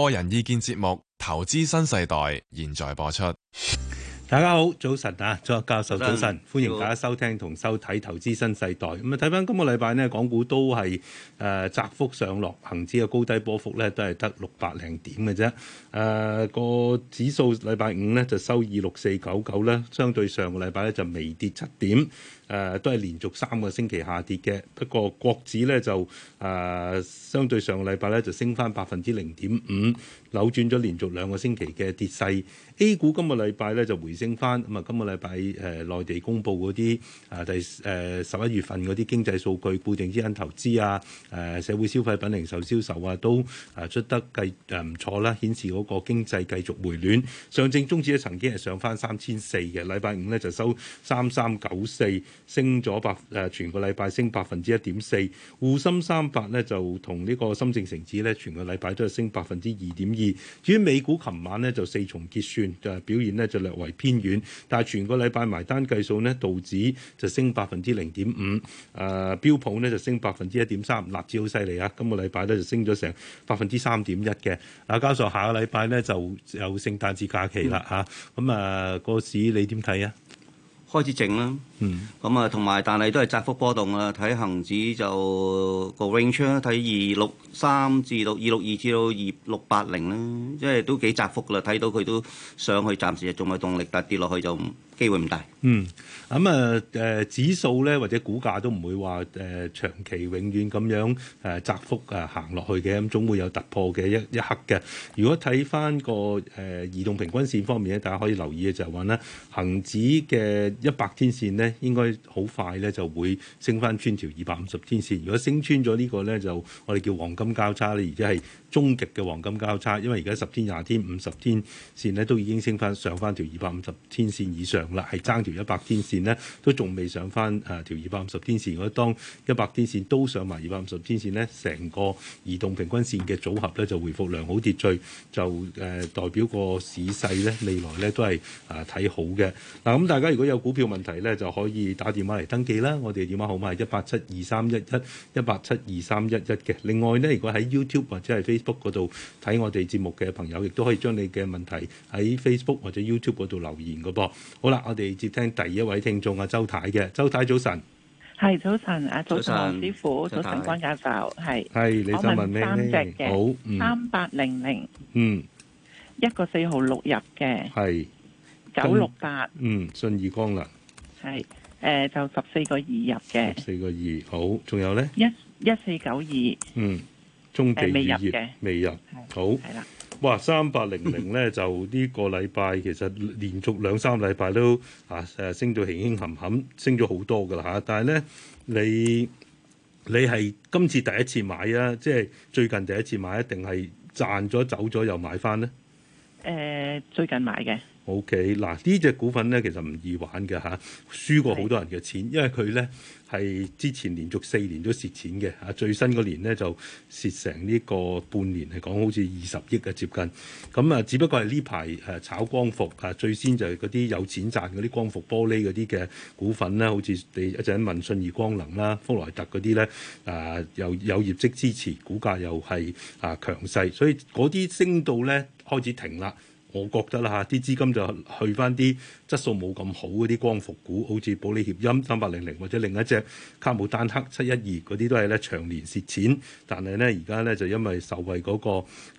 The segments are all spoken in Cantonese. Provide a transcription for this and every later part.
個人意見節目《投資新世代》現在播出。大家好，早晨啊，卓教授早晨，歡迎大家收聽同收睇《投資新世代》。咁啊，睇翻今個禮拜咧，港股都係誒窄幅上落，恒指嘅高低波幅咧都係得六百零點嘅啫。誒、呃，個指數禮拜五咧就收二六四九九咧，相對上個禮拜咧就微跌七點。誒 都係連續三個星期下跌嘅，不過國指咧就誒、啊、相對上個禮拜咧就升翻百分之零點五，扭轉咗連續兩個星期嘅跌勢。A 股今個禮拜咧就回升翻，咁啊今個禮拜誒內地公布嗰啲誒第誒十一月份嗰啲經濟數據，固定資產投資啊，誒社會消費品零售銷售啊都誒出得幾誒唔錯啦，顯示嗰個經濟繼續回暖。上證綜指咧曾經係上翻三千四嘅，禮拜五咧就收三三九四。升咗百誒、呃，全個禮拜升百分之一點四。滬深三百咧就同呢個深證成指咧，全個禮拜都係升百分之二點二。至於美股呢，琴晚咧就四重結算，誒、呃、表現呢就略為偏軟。但係全個禮拜埋單計數呢，道指就升百分之零點五。誒、呃、標普呢就升百分之一點三。納指好犀利啊！今個禮拜咧就升咗成百分之三點一嘅。阿加上，啊、下個禮拜呢就有聖誕節假期啦嚇。咁啊個市你點睇啊？開始靜啦、啊。嗯，咁啊，同埋，但係都係窄幅波動啊。睇恒指就個 range 咧，睇二六三至到二六二至到二六八零啦，即係都幾窄幅噶啦。睇到佢都上去，暫時仲有動力，但跌落去就機會唔大。嗯，嗯，咁、呃、啊，誒指數咧或者股價都唔會話誒、呃、長期永遠咁樣誒窄幅啊行落去嘅，咁總會有突破嘅一一刻嘅。如果睇翻、個誒、呃、移動平均線方面咧，大家可以留意嘅就係話咧恒指嘅一百天線咧。應該好快咧就會升翻穿條二百五十天線。如果升穿咗呢個咧，就我哋叫黃金交叉咧，而家係終極嘅黃金交叉，因為而家十天、廿天、五十天線咧，都已經升翻上翻條二百五十天線以上啦，係爭條一百天線咧，都仲未上翻誒條二百五十天線。如果當一百天線都上埋二百五十天線咧，成個移動平均線嘅組合咧就回復良好秩序，就誒、呃、代表個市勢咧未來咧都係誒睇好嘅。嗱、啊，咁大家如果有股票問題咧，就可以打電話嚟登記啦。我哋電話號碼係一八七二三一一一八七二三一一嘅。另外咧，如果喺 YouTube 或者係 Face book 嗰度睇我哋節目嘅朋友，亦都可以將你嘅問題喺 Facebook 或者 YouTube 嗰度留言噶噃。好啦，我哋接聽第一位聽眾阿周太嘅，周太，周太早晨，係早晨啊，早晨黃師傅，早晨黃教授，係係，你問我問三隻嘅，三八零零，嗯，一個四號六入嘅，係九六八，68, 嗯，信義光臨，係誒，就十四個二入嘅，十四個二，好，仲有咧，一一四九二，嗯。中期二月未入，的好，哇的！三八零零咧就呢個禮拜其實連續兩三禮拜都嚇誒、啊啊、升到輕輕冚冚，升咗好多噶啦嚇！但係咧你你係今次第一次買啊？即係最近第一次買，定係賺咗走咗又買翻呢？誒、呃，最近買嘅。O.K. 嗱，呢隻股份咧其實唔易玩嘅吓，輸、啊、過好多人嘅錢，因為佢咧係之前連續四年都蝕錢嘅，啊最新嗰年咧就蝕成呢個半年係講好似二十億嘅接近。咁啊，只不過係呢排誒炒光伏啊，最先就係嗰啲有錢賺嗰啲光伏玻璃嗰啲嘅股份啦、啊，好似你一陣聞信義光能啦、福萊特嗰啲咧，啊又有，有業績支持，股價又係啊強勢，所以嗰啲升到咧開始停啦。我覺得啦嚇，啲資金就去翻啲質素冇咁好嗰啲光伏股，好似保利協鑫、三八零零或者另一隻卡姆丹克七一二嗰啲都係咧長年蝕錢，但係咧而家咧就因為受惠嗰個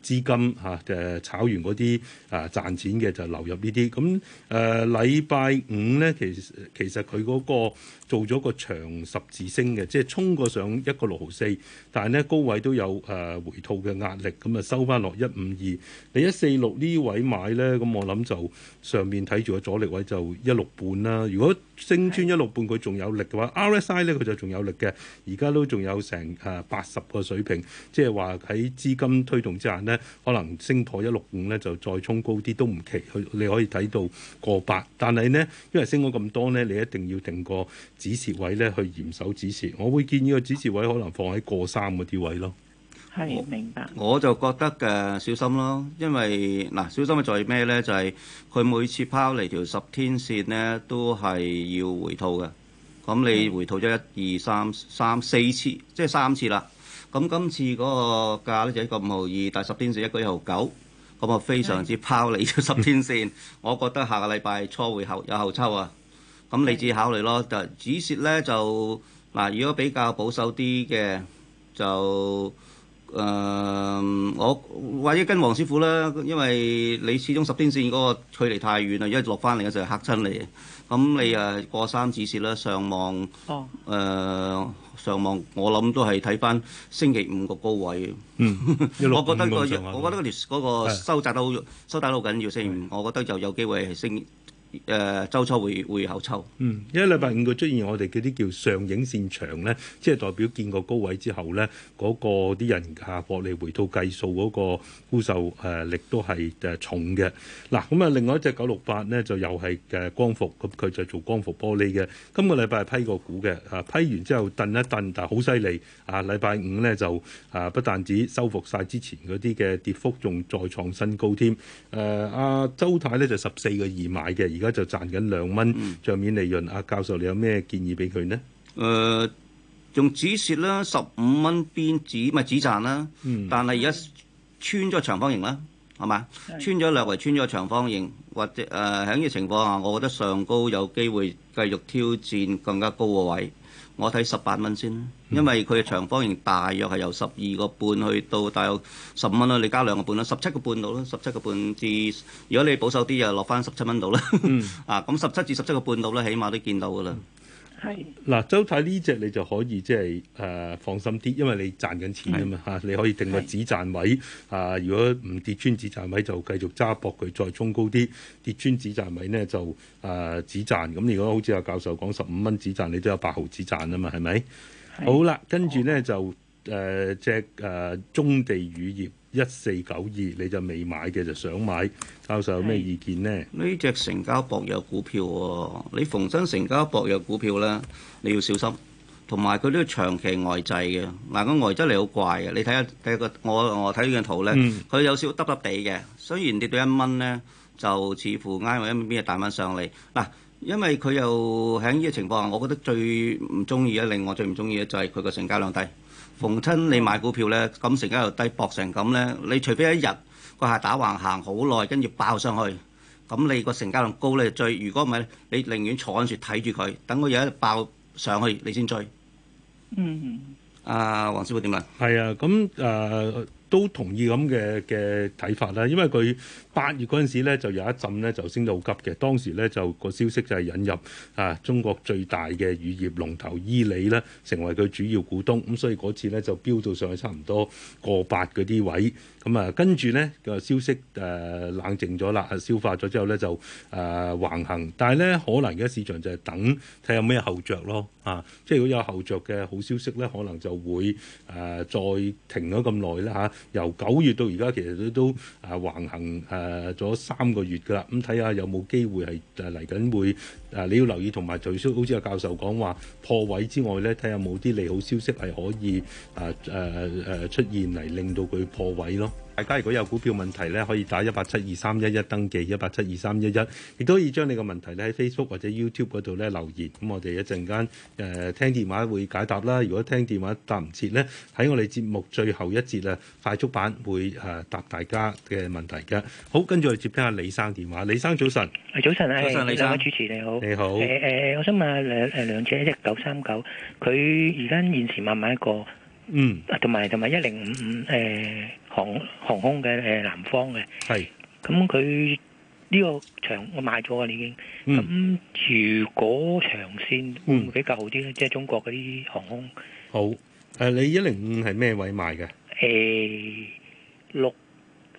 資金嚇誒、啊、炒完嗰啲啊賺錢嘅就流入、呃、呢啲。咁誒禮拜五咧其實其實佢嗰個做咗個長十字星嘅，即係衝過上一個六毫四，但係咧高位都有誒、呃、回吐嘅壓力，咁啊收翻落一五二。你一四六呢位買？睇咧，咁我諗就上面睇住個阻力位就一六半啦。如果升穿一六半，佢仲有力嘅話，RSI 咧佢就仲有力嘅。而家都仲有成誒八十個水平，即係話喺資金推動之下呢，可能升破一六五咧就再衝高啲都唔奇。佢你可以睇到過八，但係呢，因為升咗咁多呢，你一定要定個止蝕位咧去嚴守止蝕。我會建議個止蝕位可能放喺過三嗰啲位咯。係，明白我。我就覺得嘅、呃、小心咯，因為嗱、呃，小心嘅在咩咧？就係、是、佢每次拋離條十天線咧，都係要回吐嘅。咁你回吐咗一二三三四次，即係三次啦。咁今次嗰個價咧就一個五毫二，但十天線一個一毫九，咁啊非常之拋離咗十天線。是的 我覺得下個禮拜初會後有後抽啊。咁你自考慮咯，止呢就止蝕咧就嗱。如果比較保守啲嘅就。呃誒、呃，我或者跟黃師傅啦，因為你始終十天線嗰個距離太遠啦，因為落翻嚟嘅時候嚇親你。咁你誒、啊、過三指線啦，上望，誒、哦呃、上望，我諗都係睇翻星期五個高位。嗯、 我覺得、那個，個我覺得嗰條收窄都好，的收窄得好緊要。星期五，我覺得就有機會係升。誒週週會會後抽，嗯，因為禮拜五佢出現我哋嗰啲叫上影線長咧，即係、嗯、代表見過高位之後咧，嗰、那個啲人獲利回吐計數嗰個沽售誒力都係誒重嘅。嗱，咁啊，另外一隻九六八咧就又係誒光伏，咁佢就做光伏玻璃嘅。今個禮拜係批個股嘅，啊，批完之後燉一燉，但係好犀利啊！禮拜五咧就啊，不但止收復晒之前嗰啲嘅跌幅，仲再創新高添。誒、啊、阿周太咧就十四個二買嘅而。而家就賺緊兩蚊帳面利潤，阿教授你有咩建議俾佢呢？誒、呃，用止蝕啦，十五蚊邊止咪止賺啦，嗯、但係而家穿咗長方形啦，係嘛的？穿咗略為，穿咗長方形，或者誒喺呢個情況下，我覺得上高有機會繼續挑戰更加高個位。我睇十八蚊先，因為佢嘅長方形大約係由十二個半去到大約十五蚊，你加兩個半，十七個半到，十七個半至，如果你保守啲就落翻十七蚊到。咁十七至十七個半到起碼都見到㗎啦。係嗱是，周太呢隻你就可以即係誒放心啲，因為你賺緊錢是啊嘛嚇，你可以定個止賺位是啊。如果唔跌穿止賺位就繼續揸博佢，再衝高啲；跌穿止賺位呢就誒、呃、止賺。咁如果好似阿教授講，十五蚊止賺，你都有八毫止賺啊嘛，係咪？是好啦，跟住呢好就。誒隻誒中地乳業一四九二，你就未買嘅就想買，教授有咩意見呢？呢隻成交薄弱股票喎、啊，你逢身成交薄弱股票咧，你要小心。同埋佢都要長期外滯嘅，嗱、呃、個外質嚟好怪嘅。你睇下睇個我我睇呢張圖咧，佢、嗯、有少少耷耷地嘅，雖然跌到一蚊咧，就似乎啱啱一蚊邊日大蚊上嚟。嗱、呃，因為佢又喺呢個情況，我覺得最唔中意啊，令我最唔中意嘅就係佢個成交量低。逢親你買股票咧，咁成交又低，搏成咁咧，你除非一日個下打橫行好耐，跟住爆上去，咁你個成交量高，就追。如果唔係，你寧願坐喺樹睇住佢，等佢有一日爆上去，你先追。嗯，嗯。阿、啊、黃師傅點啊？係啊，咁、呃、誒。都同意咁嘅嘅睇法啦，因為佢八月嗰陣時咧就有一陣咧就升到好急嘅，當時咧就個消息就係引入啊中國最大嘅乳業龍頭伊利咧，成為佢主要股東，咁所以嗰次咧就飆到上去差唔多過百嗰啲位。咁啊、嗯，跟住咧個消息誒、呃、冷靜咗啦，消化咗之後咧就誒、呃、橫行，但係咧可能而家市場就係等睇下有咩後着咯啊！即係如果有後着嘅好消息咧，可能就會誒、呃、再停咗咁耐啦嚇。由九月到而家，其實都都誒、呃、橫行誒咗、呃、三個月噶啦，咁睇下有冇機會係誒嚟緊會。啊！你要留意同埋，除咗好似阿教授講話破位之外咧，睇下有冇啲利好消息係可以啊啊啊出現嚟令到佢破位咯。大家如果有股票問題咧，可以打一八七二三一一登記，一八七二三一一，亦都可以將你個問題咧喺 Facebook 或者 YouTube 嗰度咧留言。咁我哋一陣間誒聽電話會解答啦。如果聽電話答唔切咧，喺我哋節目最後一節啊，快速版會誒答大家嘅問題㗎。好，跟住我接聽下李生電話。李生早晨，早晨，早晨，李生，主持你好，你好。誒誒好、呃呃，我想問下兩誒兩隻一九三九，佢而家現時慢慢一個。嗯，同埋同埋一零五五誒航航空嘅誒、呃、南方嘅，係咁佢呢個長我買咗啊已經，咁、嗯嗯、如果長線會唔會比較好啲咧？嗯、即係中國嗰啲航空好誒、呃？你一零五係咩位買嘅？誒、呃、六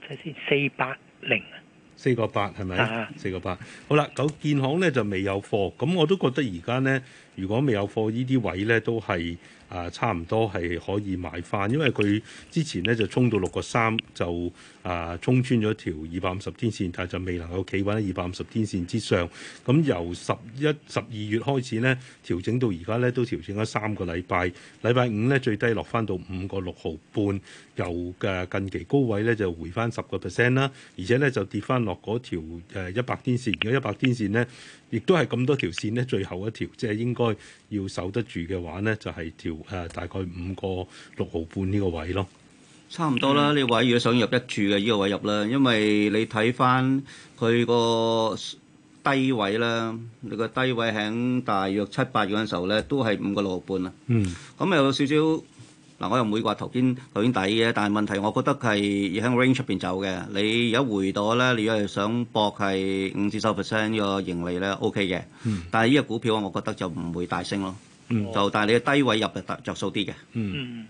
睇先四八零八，是是啊，四個八係咪？四個八好啦。咁建行咧就未有貨，咁我都覺得而家咧，如果未有貨呢啲位咧都係。啊，差唔多係可以買翻，因為佢之前咧就衝到六個三就。啊，衝穿咗條二百五十天線，但係就未能夠企穩喺二百五十天線之上。咁、嗯、由十一、十二月開始咧，調整到而家咧，都調整咗三個禮拜。禮拜五咧，最低落翻到五個六毫半。由嘅近期高位咧，就回翻十個 percent 啦。而且呢，就跌翻落嗰條一百天線。而家一百天線呢，亦都係咁多條線呢最後一條即係、就係、應該要守得住嘅話呢就係、係、條誒、呃、大概五個六毫半呢個位咯。差唔多啦，呢位、嗯、如果想入一注嘅，依個位入啦，因為你睇翻佢個低位啦，你個低位喺大約七八月嘅時候咧，都係五個六半啊。嗯。咁有少少嗱，我又唔會話頭先頭先底嘅，但係問題，我覺得係要喺 range 出邊走嘅。你而家回到咧，你如果係想博係五至十 percent 呢個盈利咧，OK 嘅。嗯、但係依個股票我覺得就唔會大升咯。嗯、就但係你個低位入就着數啲嘅。嗯。嗯。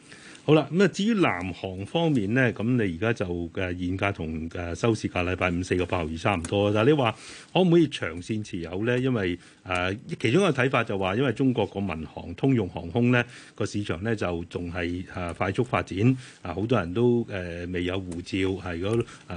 好啦，咁啊，至於南航方面咧，咁你而家就嘅、呃、現價同嘅收市價，禮拜五四個八毫二差唔多。但係你話可唔可以長線持有咧？因為誒、呃，其中一個睇法就話，因為中國個民航通用航空咧個市場咧就仲係誒快速發展，啊好多人都誒、呃、未有護照，係如果誒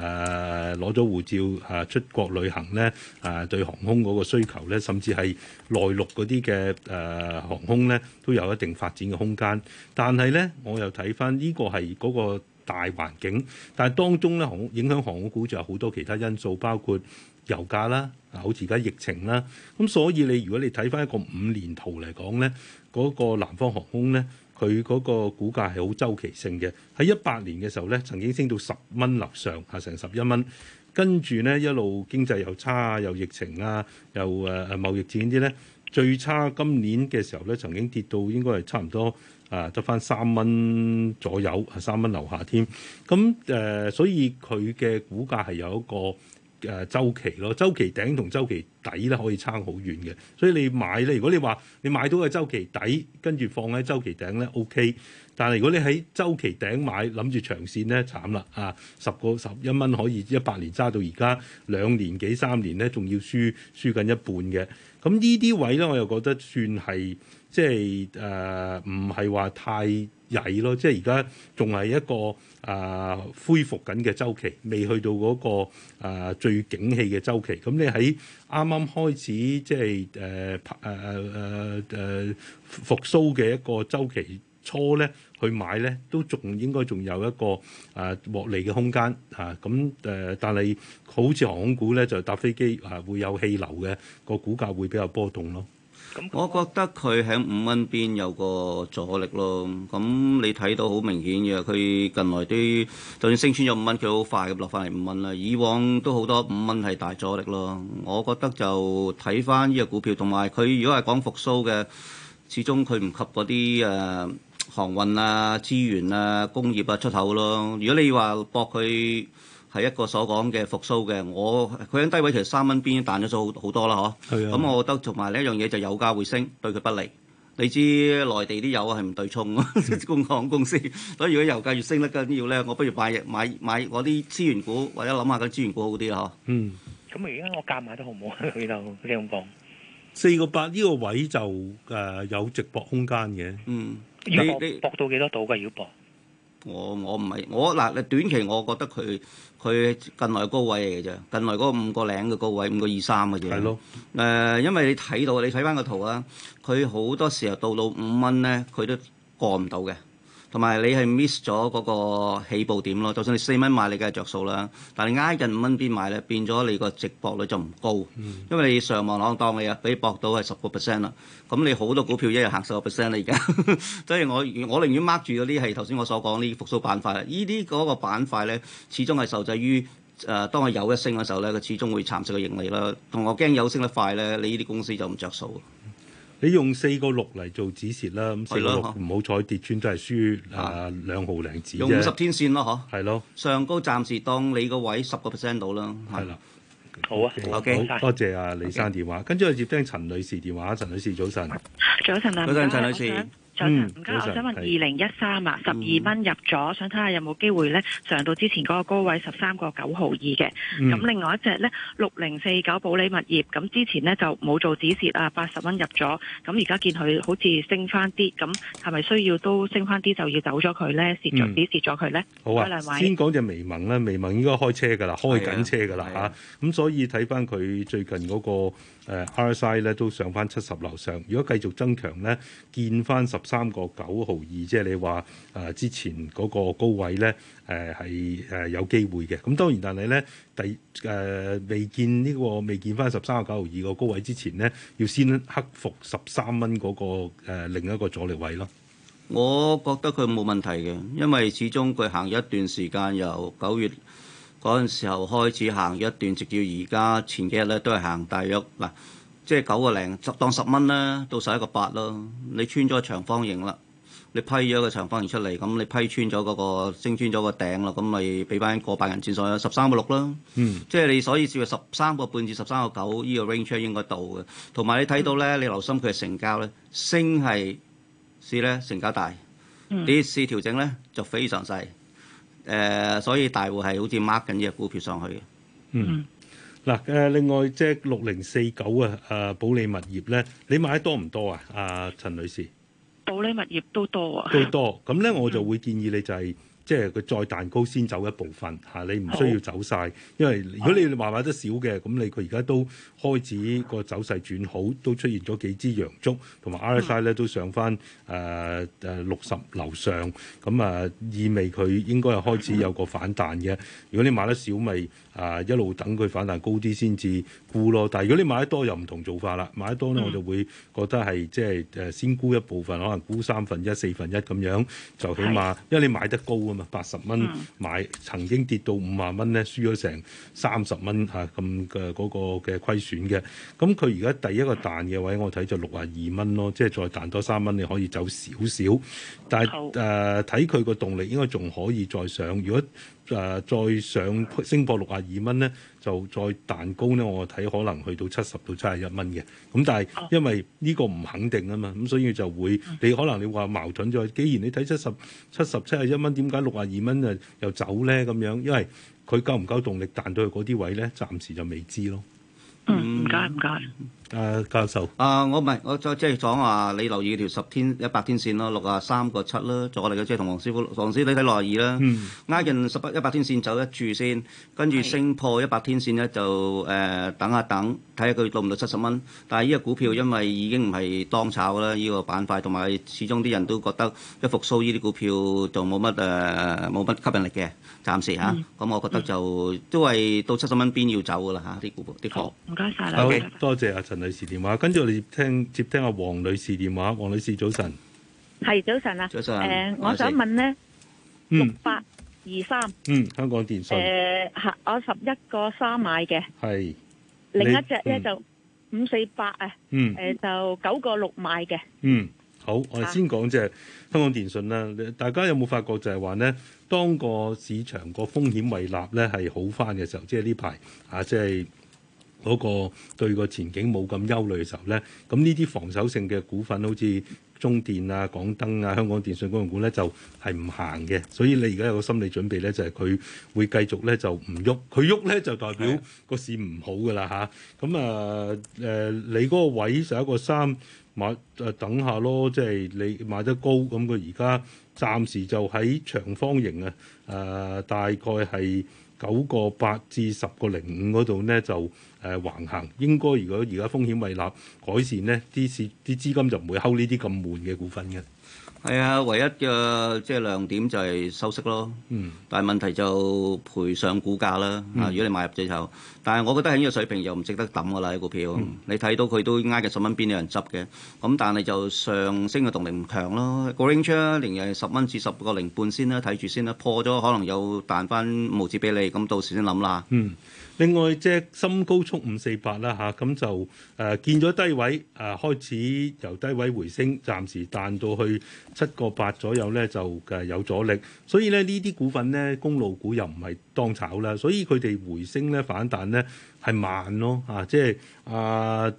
攞咗護照啊出國旅行咧，啊對航空嗰個需求咧，甚至係內陸嗰啲嘅誒航空咧都有一定發展嘅空間。但係咧，我又。睇翻呢個係嗰個大環境，但係當中咧航影響航空股就有好多其他因素，包括油價啦，好似而家疫情啦。咁所以你如果你睇翻一個五年圖嚟講咧，嗰個南方航空咧，佢嗰個股價係好周期性嘅。喺一八年嘅時候咧，曾經升到十蚊以上，嚇成十一蚊。跟住咧一路經濟又差，又疫情又啊，又誒貿易戰啲咧，最差今年嘅時候咧，曾經跌到應該係差唔多。啊，得翻三蚊左右，三蚊樓下添。咁誒、呃，所以佢嘅股價係有一個誒週期咯，週、呃、期頂同週期底咧可以差好遠嘅。所以你買咧，如果你話你買到個週期底，跟住放喺週期頂咧，O K。OK，但係如果你喺週期頂買，諗住長線咧，慘啦啊！十個十一蚊可以一百年揸到而家，兩年幾三年咧，仲要輸輸緊一半嘅。咁呢啲位咧，我又覺得算係。即係誒，唔係話太曳咯。即係而家仲係一個誒、呃、恢復緊嘅周期，未去到嗰、那個誒、呃、最景氣嘅周期。咁你喺啱啱開始即係誒誒誒誒復甦嘅一個周期初咧，去買咧，都仲應該仲有一個誒獲、呃、利嘅空間嚇。咁、啊、誒，但係、呃、好似航空股咧，就搭飛機啊，會有氣流嘅個股價會比較波動咯。我覺得佢喺五蚊邊有個阻力咯。咁你睇到好明顯嘅，佢近來啲就算升穿咗五蚊，佢好快咁落翻嚟五蚊啦。以往都好多五蚊係大阻力咯。我覺得就睇翻呢個股票，同埋佢如果係講復甦嘅，始終佢唔及嗰啲誒航運啊、資源啊、工業啊出口咯。如果你話博佢，係一個所講嘅復甦嘅，我佢喺低位，其實三蚊邊彈咗數好好多啦嗬。係啊。咁我覺得，同埋呢一樣嘢就油價會升，對佢不利。你知內地啲油係唔對沖嘅工行公司，所以如果油價越升得緊要咧，我不如買買買嗰啲資源股，或者諗下嘅資源股好啲嗬。嗯。咁而家我夾埋都好唔好？佢就咁講？四個八呢個位就誒有直博空間嘅。嗯。你博到幾多度㗎？如果博？我我唔係我嗱，短期我覺得佢。佢近來個高位嚟嘅啫，近來嗰個五個零嘅高位，五個二三嘅啫。係咯，呃，因為你睇到，你睇翻個圖啊，佢好多時候到到五蚊咧，佢都過唔到嘅。同埋你係 miss 咗嗰個起步點咯，就算你四蚊買你梗係着數啦，但你挨近五蚊邊買咧，變咗你個值博率就唔高，嗯、因為你上望朗當嘅嘢，俾你博到係十個 percent 啦，咁你好多股票一日行十個 percent 啦而家，即係 我我寧願 mark 住嗰啲係頭先我所講呢啲復甦板塊，依啲嗰個板塊咧，始終係受制於誒、呃、當佢有一升嘅時候咧，佢始終會蠶食個盈利啦，同我驚有升得快咧，你呢啲公司就唔着數。你用四個六嚟做止蝕啦，咁四個六唔好彩跌穿都係輸啊的兩毫零子啫。用五十天線咯，嗬。係咯的。上高暫時當你個位十個 percent 到啦。係啦。好啊，OK 好，多謝啊，李生電話。跟住我接聽陳女士電話，陳女士早晨。早晨，陳女士。唔該，我、嗯嗯、想問二零一三啊，十二蚊入咗，想睇下有冇機會咧上到之前嗰個高位十三個九毫二嘅。咁、嗯、另外一隻咧六零四九保利物業，咁之前咧就冇做止蝕啊，八十蚊入咗，咁而家見佢好似升翻啲，咁係咪需要都升翻啲就要走咗佢咧？蝕咗止蝕咗佢咧？嗯、呢好啊，兩位。先講隻微盟啦，微盟應該開車噶啦，開緊車噶啦嚇。咁所以睇翻佢最近嗰個 RSI 咧都上翻七十樓上，如果繼續增強咧，見翻十三個九毫二，92，即係你話誒、呃、之前嗰個高位咧，誒係誒有機會嘅。咁當然，但係咧，第誒、呃、未見呢、這個未見翻十三個九毫二個高位之前咧，要先克服十三蚊嗰個、呃、另一個阻力位咯。我覺得佢冇問題嘅，因為始終佢行一段時間，由九月嗰陣時候開始行一段，直至而家前幾日咧都係行大約嗱。即係九個零，當十蚊啦，到十一個八咯。你穿咗長方形啦，你批咗個長方形出嚟，咁你批穿咗嗰、那個，升穿咗個頂咯，咁咪俾翻過百人戰所十三個六啦。嗯、即係你所以照為十三個半至十三個九呢個 range 應該到嘅。同埋你睇到咧，你留心佢嘅成交咧，升係市咧成交大，啲、嗯、市調整咧就非常細。誒、呃，所以大戶係好似 mark 緊呢隻股票上去嘅。嗯。嗯嗱誒，另外即係六零四九啊，啊保利物業咧，你買得多唔多啊？啊，陳女士，保利物業都多啊、哦，都多，多。咁咧，嗯、我就會建議你就係、是、即係佢再彈高先走一部分嚇、啊，你唔需要走晒，因為如果你買買得少嘅，咁你佢而家都開始個走勢轉好，都出現咗幾支陽燭，同埋 R、SI、SI 咧、嗯、都上返誒誒六十樓上，咁啊意味佢應該係開始有個反彈嘅。如果你買得少咪。啊，一路等佢反彈高啲先至沽咯。但係如果你買得多又唔同做法啦，買得多咧，我就會覺得係即係誒先沽一部分，可能沽三分一、四分一咁樣，就起碼的因為你買得高啊嘛，八十蚊買曾經跌到五十蚊咧，輸咗成三十蚊嚇，咁嘅嗰個嘅虧損嘅。咁佢而家第一個彈嘅位我睇就六十二蚊咯，即係再彈多三蚊你可以走少少，但係誒睇佢個動力應該仲可以再上。如果誒、呃、再上升破六廿二蚊咧，就再彈高咧，我睇可能去到七十到七十一蚊嘅。咁但係因為呢個唔肯定啊嘛，咁所以就會你可能你話矛盾咗，既然你睇七十、七十、七十一蚊，點解六廿二蚊誒又走咧？咁樣，因為佢夠唔夠動力彈到去嗰啲位咧？暫時就未知咯。嗯，唔該唔該。謝謝。啊，教授。啊，我唔係，我再即係講話你留意條十天一百天線咯，六啊三個七啦，助力嘅即係同王師傅，王師你睇耐二啦，挨近十百一百天線走一住先，跟住升破一百天線咧就誒等下等，睇下佢到唔到七十蚊。但係依個股票因為已經唔係當炒啦，依個板塊同埋始終啲人都覺得一復甦依啲股票就冇乜誒冇乜吸引力嘅，暫時嚇。咁我覺得就都係到七十蚊邊要走噶啦嚇，啲股部啲貨。唔該晒，多謝阿陳。女士電話，跟住我哋接聽接聽阿黃女士電話。黃女士早晨，係早晨啊！早晨，阿華。誒，我想問咧，六八二三，嗯，香港電訊。誒，吓，我十一個三買嘅，係。另一隻咧就五四八啊，嗯，誒，就九個六買嘅，嗯，好，我哋先講即係香港電訊啦。大家有冇發覺就係話咧，當個市場個風險胃納咧係好返嘅時候，即係呢排啊，即係。嗰個對個前景冇咁憂慮嘅時候咧，咁呢啲防守性嘅股份，好似中電啊、港燈啊、香港電訊公用股咧，就係、是、唔行嘅。所以你而家有個心理準備咧，就係、是、佢會繼續咧就唔喐。佢喐咧就代表個市唔好噶啦，吓，咁啊，誒、呃，你嗰個位就一個三買誒、啊、等下咯，即、就、係、是、你買得高咁。佢而家暫時就喺長方形啊，誒大概係。九個八至十個零五嗰度咧，就誒、呃、橫行，應該如果而家風險未立改善咧，啲市啲資金就唔會睺呢啲咁悶嘅股份嘅。係啊，唯一嘅即係亮點就係收息咯。嗯、但係問題就賠上股價啦。啊、嗯，如果你買入之後，但係我覺得喺呢個水平又唔值得抌㗎啦，啲、這、股、個、票。嗯、你睇到佢都挨緊十蚊邊有人執嘅，咁但係就上升嘅動力唔強咯。個 range、啊、連係十蚊至十個零半先啦、啊，睇住先啦、啊。破咗可能又彈翻五毫子俾你，咁到時先諗啦。嗯。另外即深高速五四八啦吓，咁就誒、啊、見咗低位，誒、啊、開始由低位回升，暫時彈到去七個八左右咧，就誒、啊、有阻力。所以咧呢啲股份咧，公路股又唔係當炒啦，所以佢哋回升咧、反彈咧係慢咯嚇。即係阿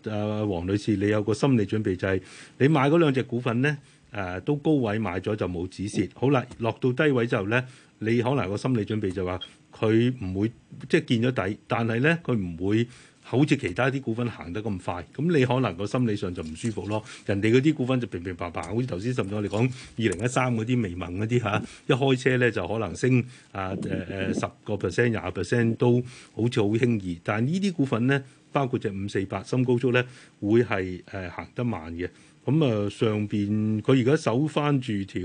阿黃女士，你有個心理準備就係、是、你買嗰兩隻股份咧，誒、啊、都高位買咗就冇止蝕。好啦，落到低位之後咧，你可能個心理準備就話。佢唔會即係見咗底，但係咧佢唔會好似其他啲股份行得咁快，咁你可能個心理上就唔舒服咯。人哋嗰啲股份就平平白白，好似頭先甚至我哋講二零一三嗰啲微盟嗰啲嚇，一開車咧就可能升啊誒誒十個 percent、廿、呃、percent、呃、都好似好輕易。但係呢啲股份咧，包括隻五四八深高速咧，會係誒行得慢嘅。咁啊、嗯，上邊佢而家守翻住條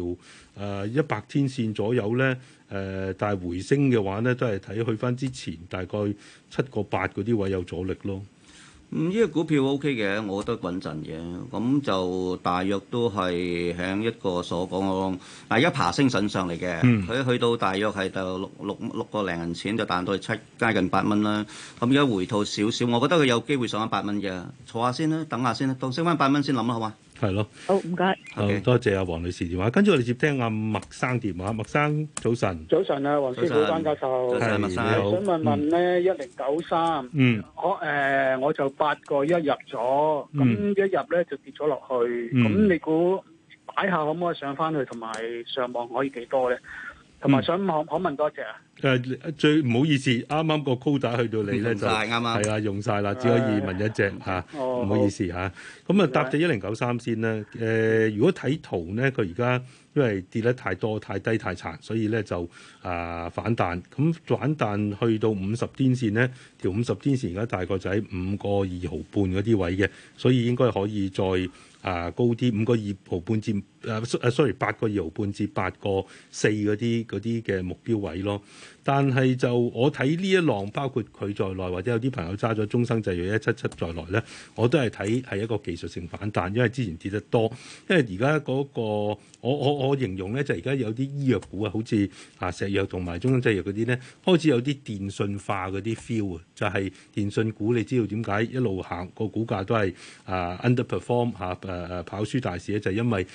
誒一百天線左右咧，誒、呃，但係回升嘅話咧，都係睇去翻之前大概七個八嗰啲位有阻力咯。咁呢、嗯這個股票 O K 嘅，我覺得穩陣嘅。咁就大約都係喺一個所講嘅，但一爬升上嚟嘅，佢、嗯、去，去到大約係就六六六個零銀錢，就彈到七，接近八蚊啦。咁而家回吐少少，我覺得佢有機會上翻八蚊嘅，坐下先啦、啊，等下先啦，當升翻八蚊先諗啦，好嘛？係咯，好唔該，謝謝好多謝阿黃女士電話，跟住我哋接聽阿麥生電話，麥生早晨。早晨啊，黃師傅，關晨教授，麥生，我想問問咧一零九三，我誒我就八個一入咗，咁一入咧就跌咗落去，咁、嗯、你估擺下可唔可以上翻去，同埋上望可以幾多咧？同埋想可可問多隻、嗯、啊？誒，最唔好意思，啱啱個 quota 去到你咧就係啦、啊，用晒啦，嗯、只可以問一隻嚇。唔好意思嚇。咁啊，搭住一零九三先啦。誒的、呃，如果睇圖咧，佢而家因為跌得太多、太低、太殘，所以咧就啊、呃、反彈。咁反彈去到五十天線咧，條五十天線而家大概就喺五個二毫半嗰啲位嘅，所以應該可以再啊、呃、高啲，五個二毫半占。誒，sorry，八個二毫半至八個四嗰啲啲嘅目標位咯但。但係就我睇呢一浪，包括佢在內，或者有啲朋友揸咗中生製藥一七七在內咧，我都係睇係一個技術性反彈，因為之前跌得多。因為而家嗰個我我我形容咧，就而家有啲醫藥股啊，好似啊石藥同埋中生製藥嗰啲咧，開始有啲電信化嗰啲 feel 啊，就係電信股你知道點解一路行個股價都係啊 underperform 嚇，誒、誒跑輸大市咧，就係因為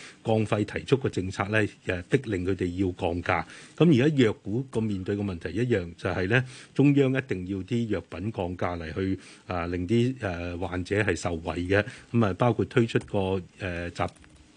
費提出個政策咧，誒，逼令佢哋要降價。咁而家藥股個面對個問題一樣，就係咧，中央一定要啲藥品降價嚟去啊，令啲誒患者係受惠嘅。咁啊，包括推出個誒、呃、集。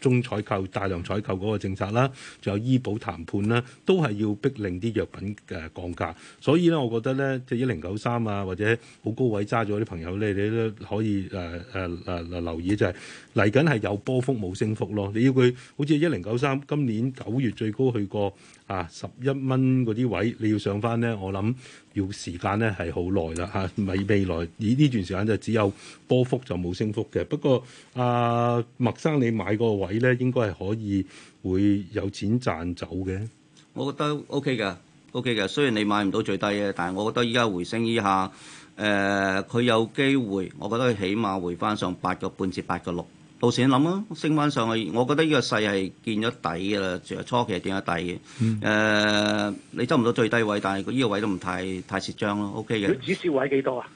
中採購，大量採購嗰個政策啦，仲有醫保談判啦，都係要逼令啲藥品嘅降價。所以咧，我覺得咧，即係一零九三啊，或者好高位揸咗啲朋友咧，你都可以誒誒誒留意、就係，就係嚟緊係有波幅冇升幅咯。你要佢好似一零九三，今年九月最高去過。啊！十一蚊嗰啲位，你要上翻咧，我諗要時間咧係好耐啦嚇。未未來以呢段時間就只有波幅就冇升幅嘅。不過阿麥、啊、生，你買個位咧，應該係可以會有錢賺走嘅。我覺得 OK 噶，OK 噶。雖然你買唔到最低嘅，但係我覺得依家回升以下，誒、呃、佢有機會，我覺得起碼回翻上八個半至八個六。冇成日諗咯，升翻上去，我覺得呢個勢係見咗底嘅啦，仲初期見咗底嘅。誒、嗯呃，你執唔到最低位，但係呢依個位都唔太太蝕張咯，OK 嘅。佢指數位幾多啊？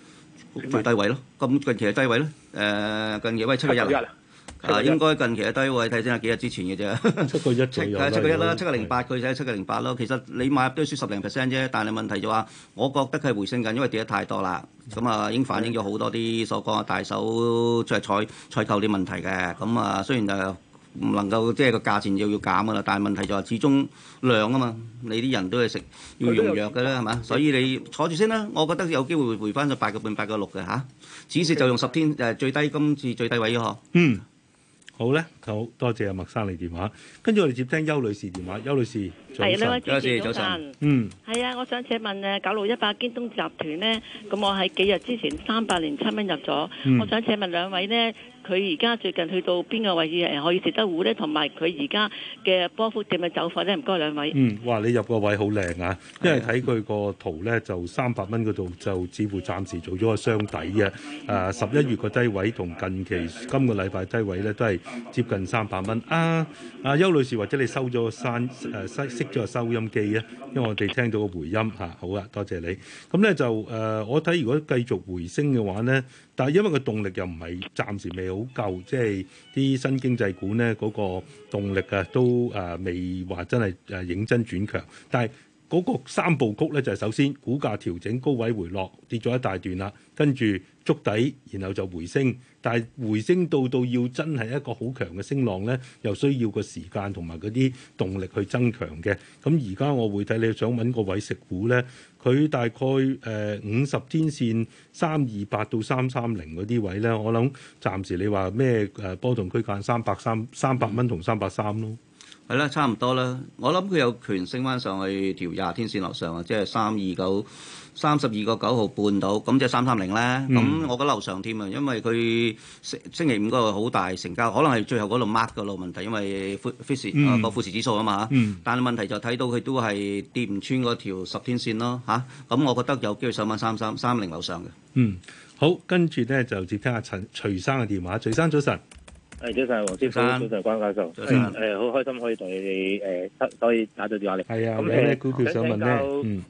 最低位咯，咁近期嘅低位咧，誒、呃、近期喂七月一日。啊，應該近期嘅低位，睇先啊，幾日之前嘅啫。 七個一七七個一啦，七個零八，佢就係七個零八咯。其實你買都係輸十零 percent 啫，但係問題就話，我覺得佢係回升緊，因為跌得太多啦。咁啊、嗯，已經反映咗好多啲所講嘅大手出嚟採採，採購啲問題嘅。咁啊，雖然就唔能夠即係個價錢又要減噶啦，但係問題就係始終量啊嘛。你啲人都係食要用藥嘅啦，係嘛？的所以你坐住先啦。我覺得有機會回翻到八個半、八個六嘅吓，止、啊、蝕就用十天誒、呃、最低，今次最低位啊嗬。嗯。好咧，好多謝阿麥生嚟電話。跟住我哋接聽邱女士電話，邱女士係啊，多謝早晨。早嗯，係啊，我想請問誒，九六一八京東集團咧，咁我喺幾日之前三百零七蚊入咗，我想請問兩位咧。佢而家最近去到邊個位置誒可以食得糊咧？同埋佢而家嘅波幅點嘅走法咧？唔該兩位。嗯，哇！你入個位好靚啊，因為睇佢個圖咧就三百蚊嗰度就似乎暫時做咗個箱底啊！誒十一月個低位同近期今個禮拜低位咧都係接近三百蚊啊！阿邱女士或者你收咗收誒熄咗個收音機啊，因為我哋聽到個迴音嚇。好啊，多謝你。咁咧就誒，我睇如果繼續回升嘅話咧。但係因為個動力又唔係暫時未好夠，即係啲新經濟股咧嗰、那個動力啊，都誒、啊、未話真係誒、啊、認真轉強。但係嗰個三部曲咧，就係、是、首先股價調整高位回落跌咗一大段啦，跟住築底，然後就回升。但係回升到到要真係一個好強嘅升浪咧，又需要個時間同埋嗰啲動力去增強嘅。咁而家我會睇你想揾個位食股咧？佢大概誒五十天線三二八到三三零嗰啲位咧，我諗暫時你話咩誒波動區間三百三三百蚊同三百三咯，係啦，差唔多啦。我諗佢有權升返上去調廿天線落上啊，即係三二九，三十二個九毫半到，咁即係三三零啦。咁、嗯、我覺得樓上添啊，因為佢星星期五嗰個好大成交，可能係最後嗰度抹個路問題，因為富富士啊個富時指數啊嘛嚇。但係問題就睇到佢都係跌唔穿嗰條十天線咯嚇。咁、啊、我覺得有機會上翻三三三零樓上嘅。嗯，好，跟住咧就接聽阿陳徐生嘅電話。徐生早晨。係早晨，黃先生，早晨關教授，係誒，好開心可以同你誒，可、呃、可以打咗電話嚟。係、嗯、啊，咁、嗯、誒，想問下，